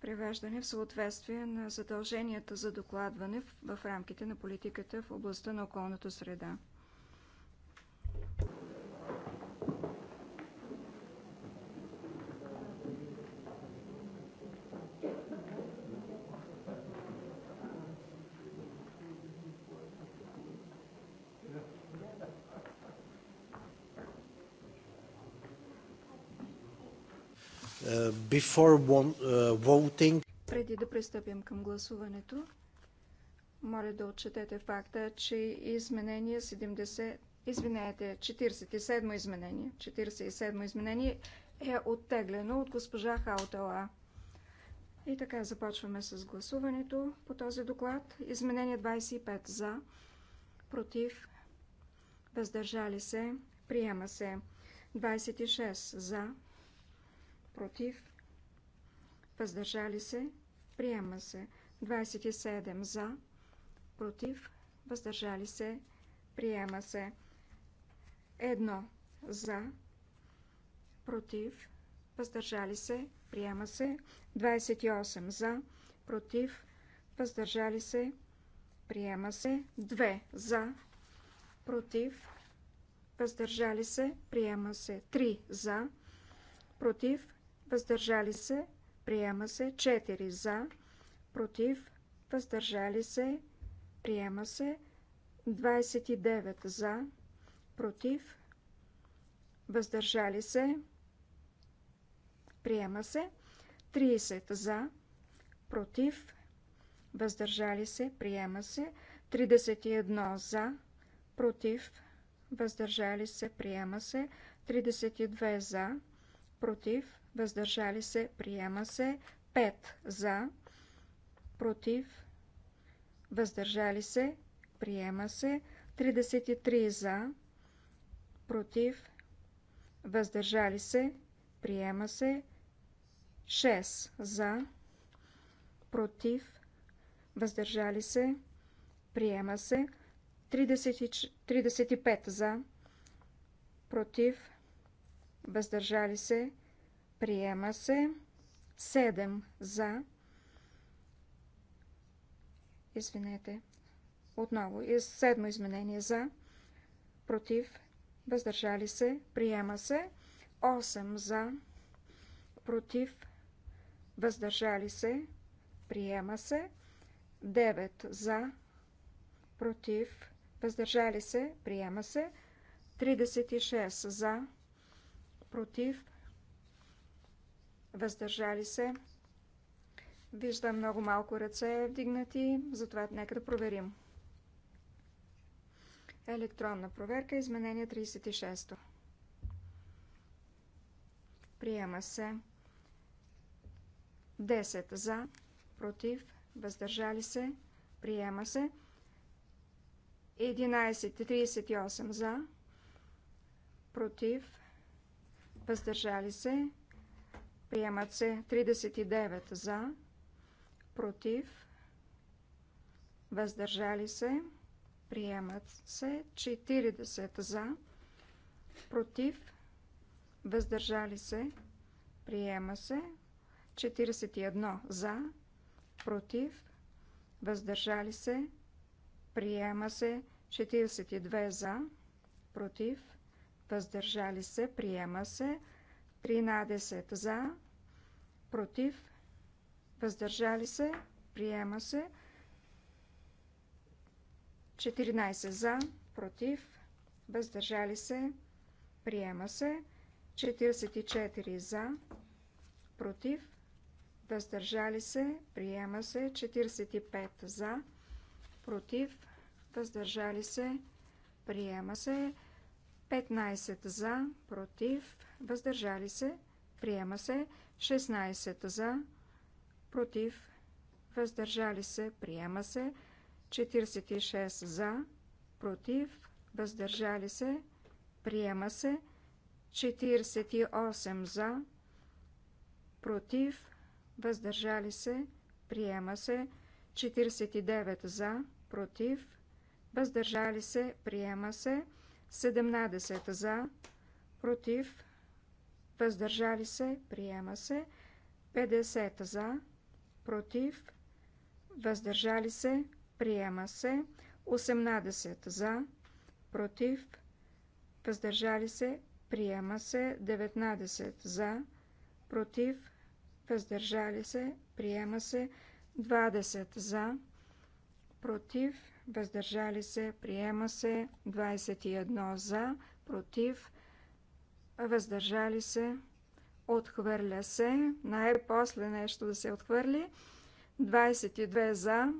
привеждане в съответствие на задълженията за докладване в рамките на политиката в областта на околната среда. Uh, before uh, voting. Преди да пристъпим към гласуването, моля да отчетете факта, че изменение 70, извинете, 47 изменение, 47 изменение е оттеглено от госпожа Хаутала. И така започваме с гласуването по този доклад. Изменение 25 за, против, въздържали се, приема се. 26 за, против, въздържали се, приема се. 27 за, против, въздържали се, приема се. 1 за, против, въздържали се, приема се. 28 за, против, въздържали се, приема се. 2 за, против, въздържали се, приема се. 3 за, против, въздържали се, приема се. 4 за, против, въздържали се, приема се. 29 за, против, въздържали се, приема се. 30 за, против, въздържали се, приема се. 31 за, против, въздържали се, приема се. 32 за, против, въздържали се, приема се. 5 за, против, въздържали се, приема се. 33 за, против, въздържали се, приема се. 6 за, против, въздържали се, приема се. 30, 35 за, против, въздържали се, приема се Приема се. 7 за. Извинете. Отново. Седмо изменение за. Против. Въздържали се. Приема се. 8 за. Против. Въздържали се. Приема се. 9 за. Против. Въздържали се. Приема се. 36 за. Против въздържали се. Виждам много малко ръце вдигнати, затова нека да проверим. Електронна проверка, изменение 36. Приема се 10 за, против, въздържали се, приема се 11 38 за, против, въздържали се, Приемат се 39 за, против, въздържали се. Приемат се 40 за, против, въздържали се. Приема се 41 за, против, въздържали се. Приема се 42 за, против, въздържали се. Приема се 13 за, против, въздържали се, приема се. 14 за, против, въздържали се, приема се. 44 за, против, въздържали се, приема се. 45 за, против, въздържали се, приема се. 15 за, против, въздържали се, приема се. 16 за, против, въздържали се, приема се. 46 за, против, въздържали се, приема се. 48 за, против, въздържали се, приема се. 49 за, против, въздържали се, приема се. 17 за, против, въздържали се, приема се. 50 за, против, въздържали се, приема се. 18 за, против, въздържали се, приема се. 19 за, против, въздържали се, приема се. 20 за, против, въздържали се, приема се, 21 за, против, въздържали се, отхвърля се, най-после нещо да се отхвърли, 22 за,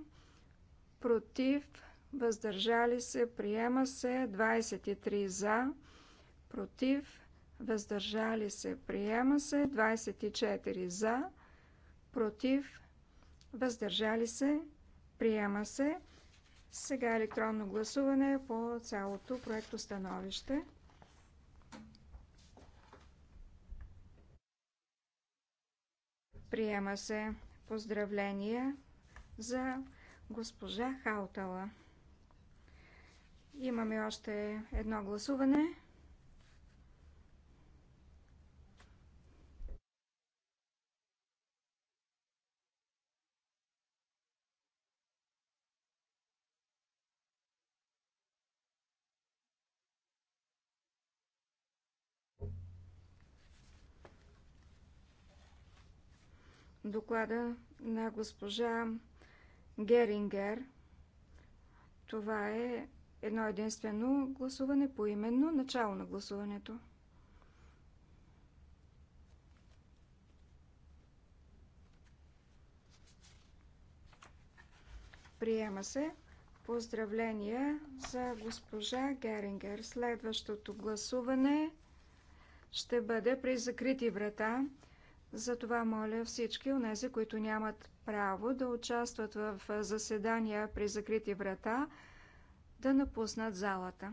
против, въздържали се, приема се, 23 за, против, въздържали се, приема се, 24 за, против, въздържали се, приема се, сега електронно гласуване по цялото проекто становище. Приема се поздравления за госпожа Хаутала. Имаме още едно гласуване. доклада на госпожа Герингер. Това е едно единствено гласуване по именно начало на гласуването. Приема се. Поздравления за госпожа Герингер. Следващото гласуване ще бъде при закрити врата. Затова моля всички онези, които нямат право да участват в заседания при закрити врата, да напуснат залата.